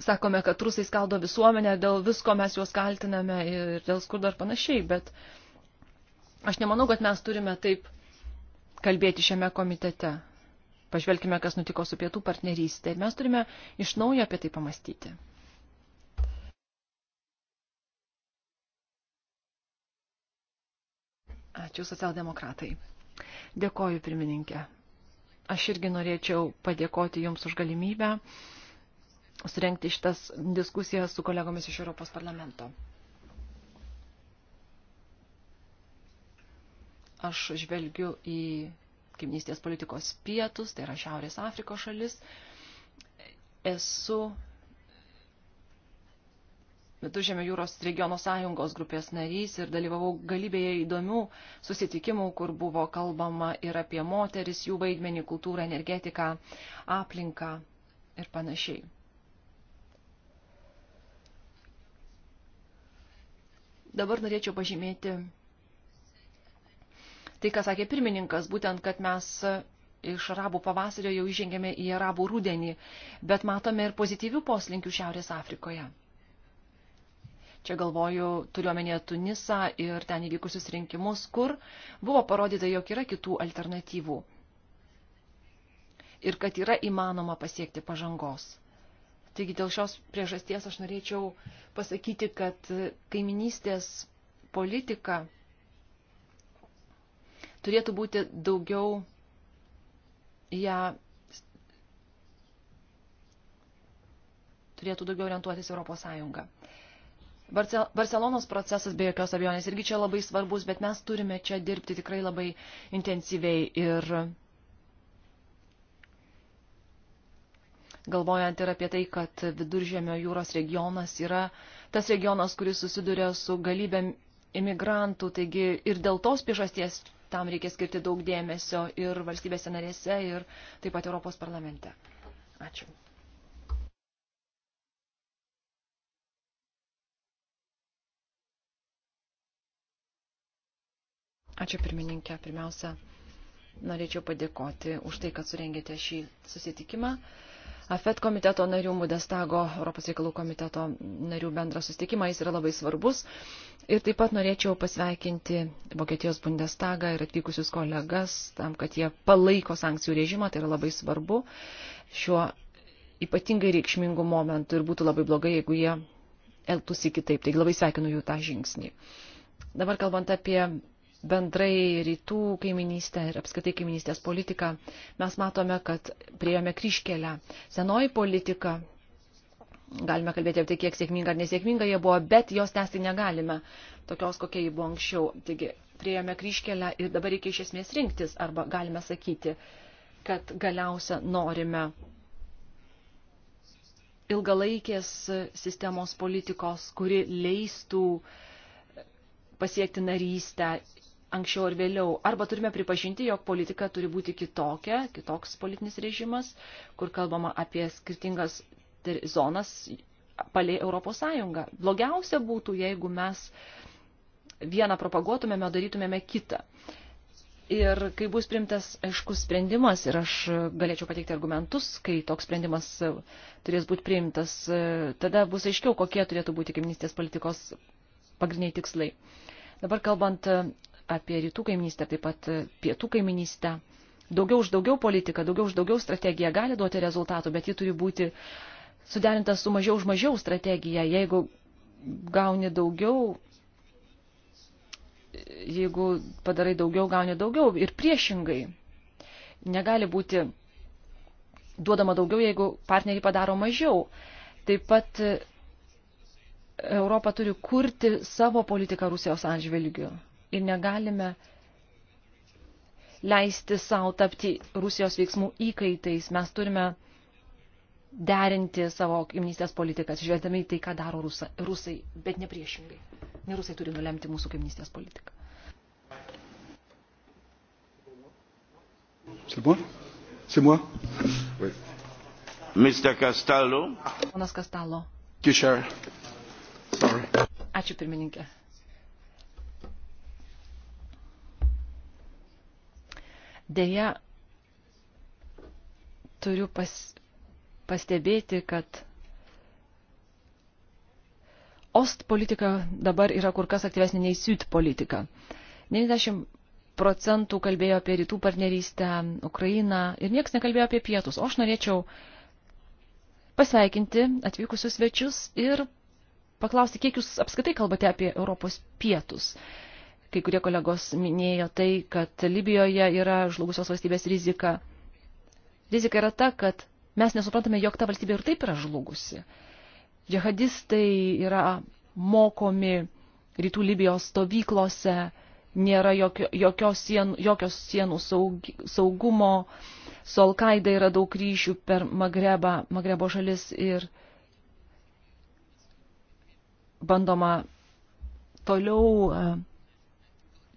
Sakome, kad rusai skaldo visuomenę, dėl visko mes juos kaltiname ir dėl skurdo ar panašiai, bet aš nemanau, kad mes turime taip kalbėti šiame komitete. Pažvelkime, kas nutiko su pietų partnerystė. Mes turime iš naujo apie tai pamastyti. Ačiū socialdemokratai. Dėkoju, pirmininkė. Aš irgi norėčiau padėkoti Jums už galimybę surengti šitas diskusijas su kolegomis iš Europos parlamento. Aš žvelgiu į kaimynystės politikos pietus, tai yra Šiaurės Afrikos šalis. Esu Viduržėmio jūros regiono sąjungos grupės narys ir dalyvavau galybėje įdomių susitikimų, kur buvo kalbama ir apie moteris, jų vaidmenį, kultūrą, energetiką, aplinką ir panašiai. Dabar norėčiau pažymėti tai, ką sakė pirmininkas, būtent, kad mes iš arabų pavasario jau įžengėme į arabų rudenį, bet matome ir pozityvių poslinkių Šiaurės Afrikoje Čia galvoju, turiuomenė Tunisą ir ten įvykusius rinkimus, kur buvo parodyta, jog yra kitų alternatyvų ir kad yra įmanoma pasiekti pažangos. Taigi dėl šios priežasties aš norėčiau pasakyti, kad kaiminystės politika turėtų būti daugiau ją turėtų daugiau orientuotis Europos Sąjunga. Barcelonos procesas be jokios abejonės irgi čia labai svarbus, bet mes turime čia dirbti tikrai labai intensyviai ir galvojant ir apie tai, kad viduržėmio jūros regionas yra tas regionas, kuris susiduria su galybėm imigrantų, taigi ir dėl tos priežasties tam reikia skirti daug dėmesio ir valstybėse narėse, ir taip pat Europos parlamente. Ačiū. Ačiū pirmininkė. Pirmiausia, norėčiau padėkoti už tai, kad surengėte šį susitikimą. AFET komiteto narių Mudestago Europos reikalų komiteto narių bendrą susitikimą, jis yra labai svarbus. Ir taip pat norėčiau pasveikinti Vokietijos Bundestagą ir atvykusius kolegas tam, kad jie palaiko sankcijų režimą, tai yra labai svarbu šiuo ypatingai reikšmingu momentu ir būtų labai blogai, jeigu jie elgtųsi kitaip. Taigi labai sveikinu jų tą žingsnį. Dabar kalbant apie bendrai rytų kaiminystę ir apskaitai kaiminystės politiką, mes matome, kad priejome kryškelę. Senoji politika, galime kalbėti apie tai, kiek sėkminga ar nesėkminga jie buvo, bet jos tęsti negalime, tokios kokia jį buvo anksčiau. Taigi priejome kryškelę ir dabar reikia iš esmės rinktis, arba galime sakyti, kad galiausia norime ilgalaikės sistemos politikos, kuri leistų pasiekti narystę anksčiau ar vėliau. Arba turime pripažinti, jog politika turi būti kitokia, kitoks politinis režimas, kur kalbama apie skirtingas zonas palei Europos Sąjungą. Blogiausia būtų, jeigu mes vieną propaguotumėme, o darytumėme kitą. Ir kai bus primtas aiškus sprendimas, ir aš galėčiau pateikti argumentus, kai toks sprendimas turės būti priimtas, tada bus aiškiau, kokie turėtų būti kaiminystės politikos pagrindiniai tikslai. Dabar kalbant apie rytų kaiminystę, taip pat pietų kaiminystę. Daugiau už daugiau politika, daugiau už daugiau strategija gali duoti rezultatų, bet ji turi būti suderinta su mažiau už mažiau strategija. Jeigu gauni daugiau, jeigu padarai daugiau, gauni daugiau ir priešingai. Negali būti duodama daugiau, jeigu partneriai padaro mažiau. Taip pat e, Europa turi kurti savo politiką Rusijos atžvilgiu ir negalime leisti savo tapti Rusijos veiksmų įkaitais. Mes turime derinti savo kaiminystės politiką, žiūrėdami į tai, ką daro rusa, rusai, bet ne priešingai. Ne rusai turi nulemti mūsų kaiminystės politiką. C'est moi C'est moi Oui. Mr. Castallo. Ponas Castallo. Kishar. Sorry. Ačiū pirmininkė. Deja, turiu pas, pastebėti, kad Ost politika dabar yra kur kas aktyvesnė nei Syd politika. 90 procentų kalbėjo apie rytų partnerystę, Ukrainą ir niekas nekalbėjo apie pietus. O aš norėčiau pasveikinti atvykusius svečius ir paklausti, kiek jūs apskaitai kalbate apie Europos pietus. Kai kurie kolegos minėjo tai, kad Libijoje yra žlugusios valstybės rizika. Rizika yra ta, kad mes nesuprantame, jog ta valstybė ir taip yra žlugusi. Džihadistai yra mokomi rytų Libijos stovyklose, nėra jokio, jokios, sienų, jokios sienų saug, saugumo, su Alkaida yra daug ryšių per Magrebą, Magrebo šalis ir bandoma toliau e,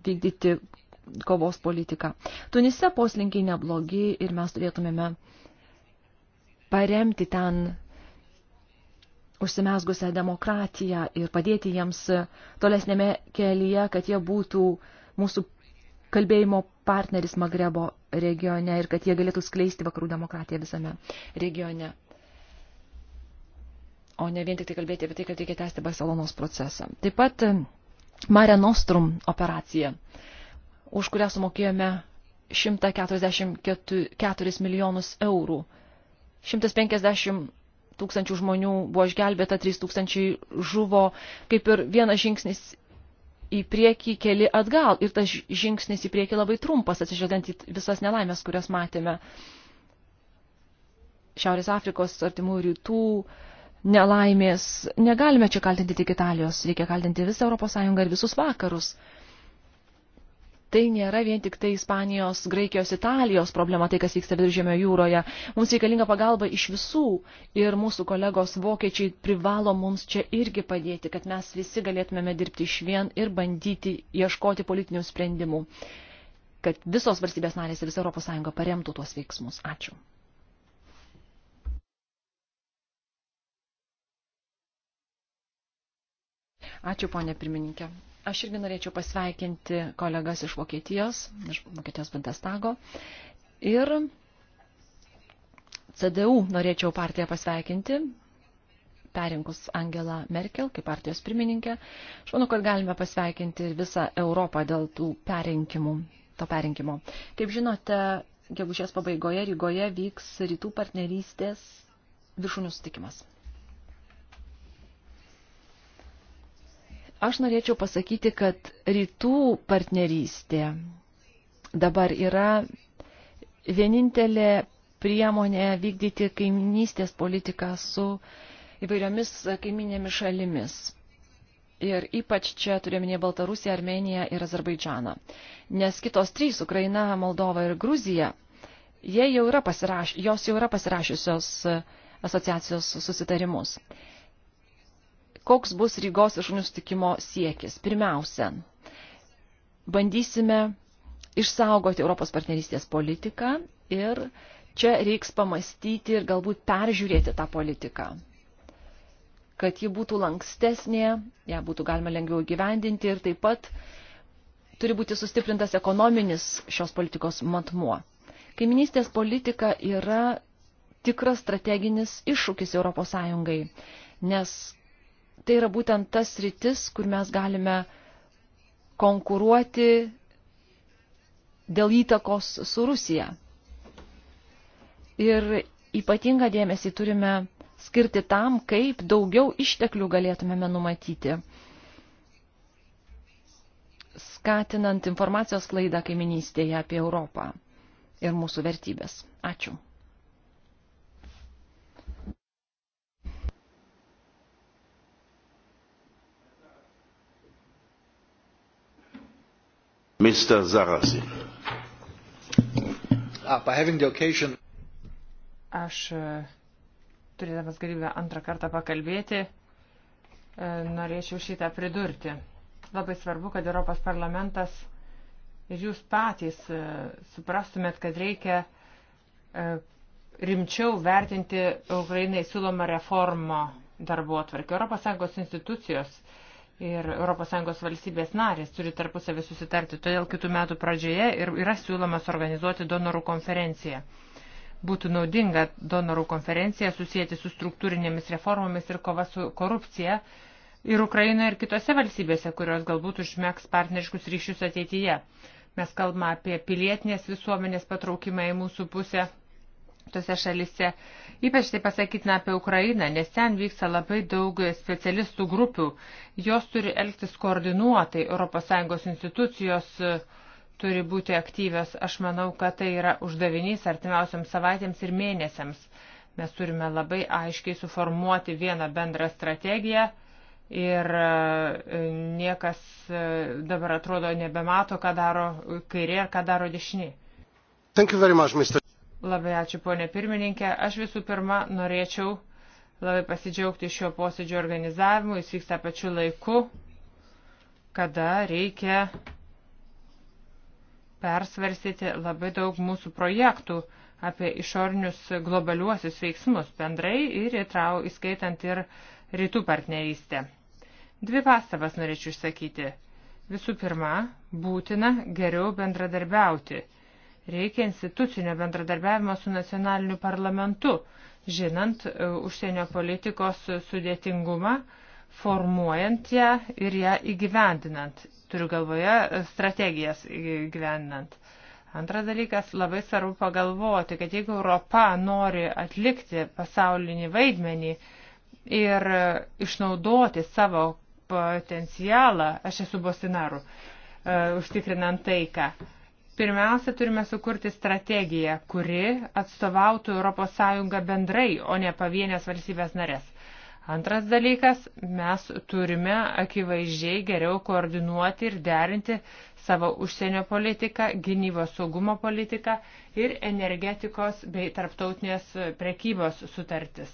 vykdyti kovos politiką. Tunise poslinkiai neblogi ir mes turėtumėme paremti ten užsimesgusią demokratiją ir padėti jiems tolesnėme kelyje, kad jie būtų mūsų kalbėjimo partneris Magrebo regione ir kad jie galėtų skleisti vakarų demokratiją visame regione. O ne vien tik tai kalbėti apie tai, kad reikia tęsti Barcelonos procesą. Taip pat Mare Nostrum operaciją, už kurią sumokėjome 144 milijonus eurų. 150 tūkstančių žmonių buvo išgelbėta, 3 tūkstančiai žuvo, kaip ir vienas žingsnis į priekį, keli atgal. Ir tas žingsnis į priekį labai trumpas, atsižvelgiant į visas nelaimės, kurias matėme. Šiaurės Afrikos, artimų rytų, uh, nelaimės, negalime čia kaltinti tik Italijos, reikia kaltinti visą ES ir visus vakarus. Tai nėra vien tik tai Ispanijos, Graikijos, Italijos problema, tai kas vyksta viduržėmio jūroje. Mums reikalinga pagalba iš visų ir mūsų kolegos vokiečiai privalo mums čia irgi padėti, kad mes visi galėtumėme dirbti iš vien ir bandyti ieškoti politinių sprendimų, kad visos valstybės narės ir visa ES paremtų tuos veiksmus. Ačiū. Ačiū, ponė pirmininkė. Aš irgi norėčiau pasveikinti kolegas iš Vokietijos, iš Vokietijos Bundestago. Ir CDU norėčiau partiją pasveikinti, perinkus Angelą Merkel kaip partijos pirmininkė. Aš manau, kad galime pasveikinti visą Europą dėl tų perinkimų, to perinkimo. Kaip žinote, gegužės pabaigoje Rygoje vyks rytų partnerystės viršūnių sutikimas. Aš norėčiau pasakyti, kad rytų partnerystė dabar yra vienintelė priemonė vykdyti kaiminystės politiką su įvairiomis kaiminėmis šalimis. Ir ypač čia turėminė Baltarusiją, Armeniją ir Azerbaidžaną. Nes kitos trys - Ukraina, Moldova ir Gruzija - jau jos jau yra pasirašiusios asociacijos susitarimus koks bus Rygos viršūnių sutikimo siekis. Pirmiausia, bandysime išsaugoti Europos partnerystės politiką ir čia reiks pamastyti ir galbūt peržiūrėti tą politiką, kad ji būtų lankstesnė, ją būtų galima lengviau gyvendinti ir taip pat turi būti sustiprintas ekonominis šios politikos matmuo. Kaiminystės politika yra tikras strateginis iššūkis ES, nes tai yra būtent tas rytis, kur mes galime konkuruoti dėl įtakos su Rusija. Ir ypatingą dėmesį turime skirti tam, kaip daugiau išteklių galėtumėme numatyti, skatinant informacijos klaidą kaiminystėje apie Europą ir mūsų vertybės. Ačiū. Mr. Sarrazin. Ah, Aš e, turėdamas galimybę antrą kartą pakalbėti, e, norėčiau šitą pridurti. Labai svarbu, kad Europos parlamentas ir jūs patys e, suprastumėt, kad reikia rimčiau vertinti Ukrainai siūlomą reformą darbo atvarkį. Europos Sąjungos institucijos uh, ir ES valstybės narės turi tarpusavį susitarti. Todėl kitų metų pradžioje ir yra siūlomas organizuoti donorų konferenciją. Būtų naudinga donorų konferenciją susijęti su struktūrinėmis reformomis ir kova su korupcija ir Ukrainoje ir kitose valstybėse, kurios galbūt užmėgs partneriškus ryšius ateityje. Mes kalbame apie pilietinės visuomenės patraukimą į mūsų pusę tose šalise. Ypač tai pasakytina apie Ukrainą, nes ten vyksta labai daug specialistų grupių. Jos turi elgtis koordinuotai, ES institucijos e, turi būti aktyvios. Aš manau, kad tai yra uždavinys artimiausiams savaitėms ir mėnesiams. Mes turime labai aiškiai suformuoti vieną bendrą strategiją ir e, niekas e, dabar atrodo nebemato, ką daro kairė ir ką daro dešinė. Much, Labai ačiū, ponė pirmininkė. Aš visų pirma norėčiau labai pasidžiaugti šio posėdžio organizavimu. Jis vyksta pačiu laiku, kada reikia persvarsyti labai daug mūsų projektų apie išorinius globaliuosius veiksmus bendrai ir įtrau, įskaitant ir rytų partnerystę. Dvi pastabas norėčiau išsakyti. Visų pirma, būtina geriau bendradarbiauti Reikia institucinio bendradarbiavimo su nacionaliniu parlamentu, žinant e, užsienio politikos sudėtingumą, formuojant ją ir ją įgyvendinant. Turiu galvoje e, strategijas įgyvendinant. Antras dalykas, labai svarbu pagalvoti, kad jeigu Europa nori atlikti pasaulinį vaidmenį ir e, išnaudoti savo potencialą, aš esu Bosinaru, užtikrinant taiką, Pirmiausia, turime sukurti strategiją, kuri atstovautų ES bendrai, o ne pavienės valstybės narės. Antras dalykas, mes turime akivaizdžiai geriau koordinuoti ir derinti savo užsienio politiką, gynybos saugumo politiką ir energetikos bei tarptautinės prekybos sutartis.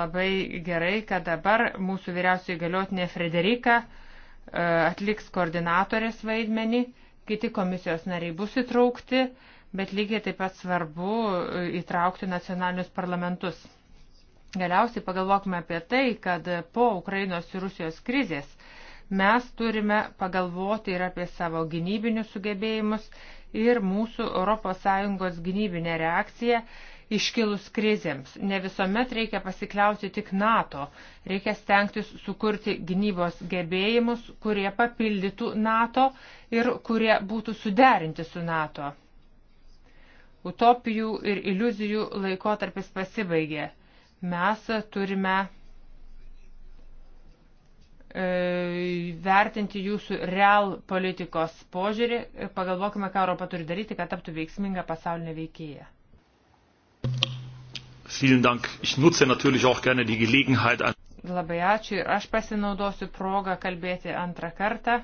Labai gerai, kad dabar mūsų vyriausiai galiotinė Frederika e, atliks koordinatorės vaidmenį kiti komisijos nariai bus įtraukti, bet lygiai taip pat svarbu e, įtraukti nacionalinius parlamentus. Galiausiai pagalvokime apie tai, kad po Ukrainos ir Rusijos krizės mes turime pagalvoti ir apie savo gynybinius sugebėjimus ir mūsų ES gynybinę reakciją iškilus krizėms. Ne visuomet reikia pasikliauti tik NATO, reikia stengtis sukurti gynybos gebėjimus, kurie papildytų NATO ir kurie būtų suderinti su NATO. Utopijų ir iliuzijų laikotarpis pasibaigė. Mes turime e, vertinti jūsų real politikos požiūrį ir pagalvokime, ką Europa turi daryti, kad taptų veiksminga pasaulinė veikėja. Vielen Dank. Ich nutze natürlich auch gerne die Gelegenheit. Labai ačiū ir aš pasinaudosiu progą kalbėti antrą kartą.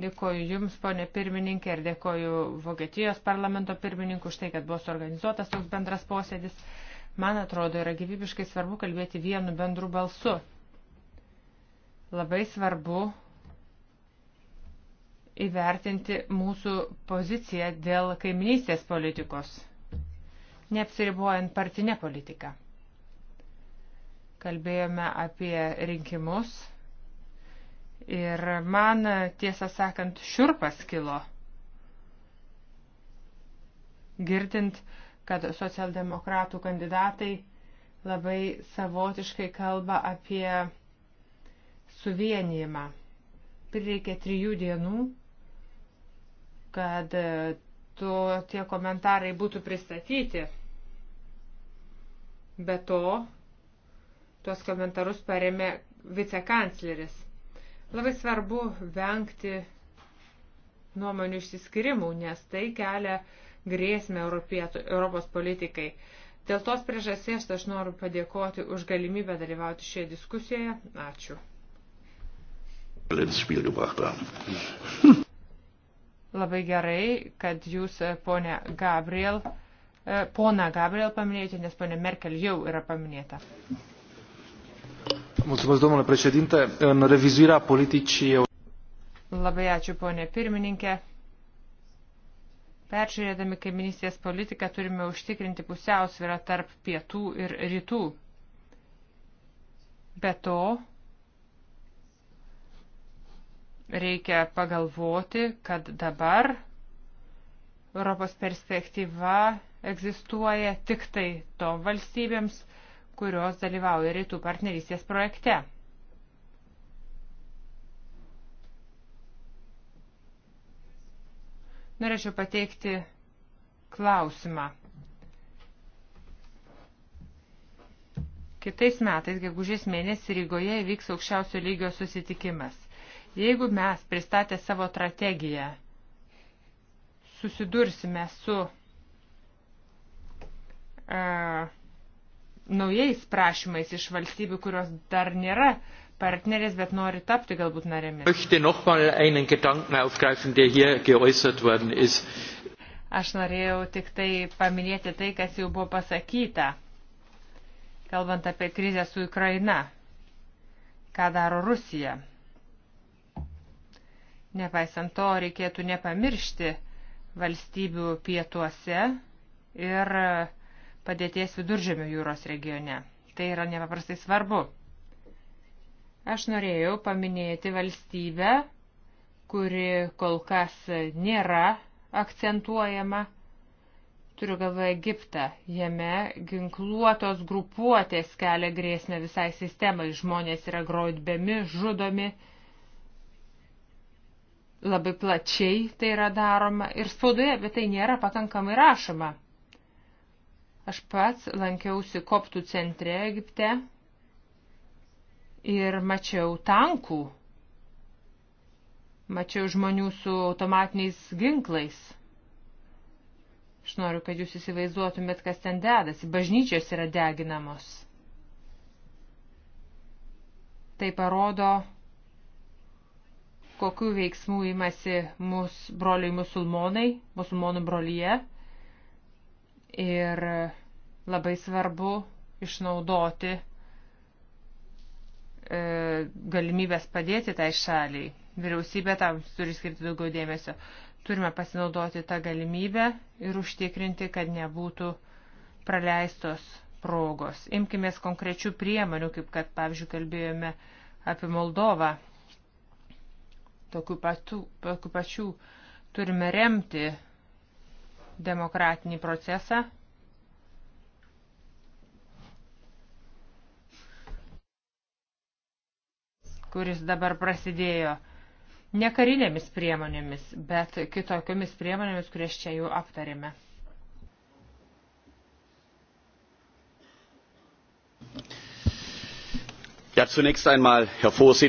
Dėkoju Jums, ponė pirmininkė, ir dėkoju Vokietijos parlamento pirmininkų už tai, kad buvo suorganizuotas toks bendras posėdis. Man atrodo, yra gyvybiškai svarbu kalbėti vienu bendru balsu. Labai svarbu įvertinti mūsų poziciją dėl kaiminystės politikos, neapsiribuojant partinę politiką. Kalbėjome apie rinkimus ir man, tiesą sakant, šiurpas kilo, girdint, kad socialdemokratų kandidatai labai savotiškai kalba apie suvienijimą. Prireikė trijų dienų kad e, tu, tie komentarai būtų pristatyti. Be to, tuos komentarus paremė vicekancleris. Labai svarbu vengti nuomonių išsiskirimų, nes tai kelia grėsmę Europietų, Europos politikai. Dėl tos priežasties aš noriu padėkoti už galimybę dalyvauti šioje diskusijoje. Ačiū. Labai gerai, kad jūs, e, ponė Gabriel, e, pona Gabriel paminėjote, nes ponė Merkel jau yra paminėta. Mulțumesc, domnule președinte. În revizuirea politicii... Labai ačiū, ponė pirmininkė. Peržiūrėdami kaiminystės politiką turime užtikrinti pusiausvyrą tarp pietų ir rytų. Be to, reikia pagalvoti, kad dabar Europos perspektyva egzistuoja tik tai tom valstybėms, kurios dalyvauja rytų partnerystės projekte. Norėčiau pateikti klausimą. Kitais metais, gegužės mėnesį Rygoje įvyks aukščiausio lygio susitikimas. Jeigu mes pristatę savo strategiją susidursime su e, naujais prašymais iš valstybių, kurios dar nėra partnerės, bet nori tapti galbūt narėmis. Aš norėjau tik tai paminėti tai, kas jau buvo pasakyta, kalbant apie krizę su Ukraina, ką daro Rusija. Nepaisant to, reikėtų nepamiršti valstybių pietuose ir padėties viduržėmių jūros regione. Tai yra nepaprastai svarbu. Aš norėjau paminėti valstybę, kuri kol kas nėra akcentuojama. Turiu galvoje Egiptą. Jame ginkluotos grupuotės kelia grėsmę visai sistemai. Žmonės yra groidbiami, žudomi labai plačiai tai yra daroma ir spaudoje apie tai nėra pakankamai rašoma. Aš pats lankiausi koptų centre Egipte ir mačiau tankų, mačiau žmonių su automatiniais ginklais. Aš noriu, kad jūs įsivaizduotumėt, kas ten dedasi. Bažnyčios yra deginamos. Tai parodo kokiu veiksmu imasi mus broliai musulmonai, musulmonų brolyje. Ir labai svarbu išnaudoti e, galimybės padėti tai šaliai. Vyriausybė tam turi skirti daugiau dėmesio. Turime pasinaudoti tą galimybę ir užtikrinti, kad nebūtų praleistos progos. Imkimės konkrečių priemonių, kaip kad, pavyzdžiui, kalbėjome apie Moldovą tokių, patų, tokių pačių. Turime remti demokratinį procesą. kuris dabar prasidėjo ne karinėmis priemonėmis, bet kitokiomis priemonėmis, kurias čia jau aptarėme. Ja, zunächst einmal, Herr Vorsitz.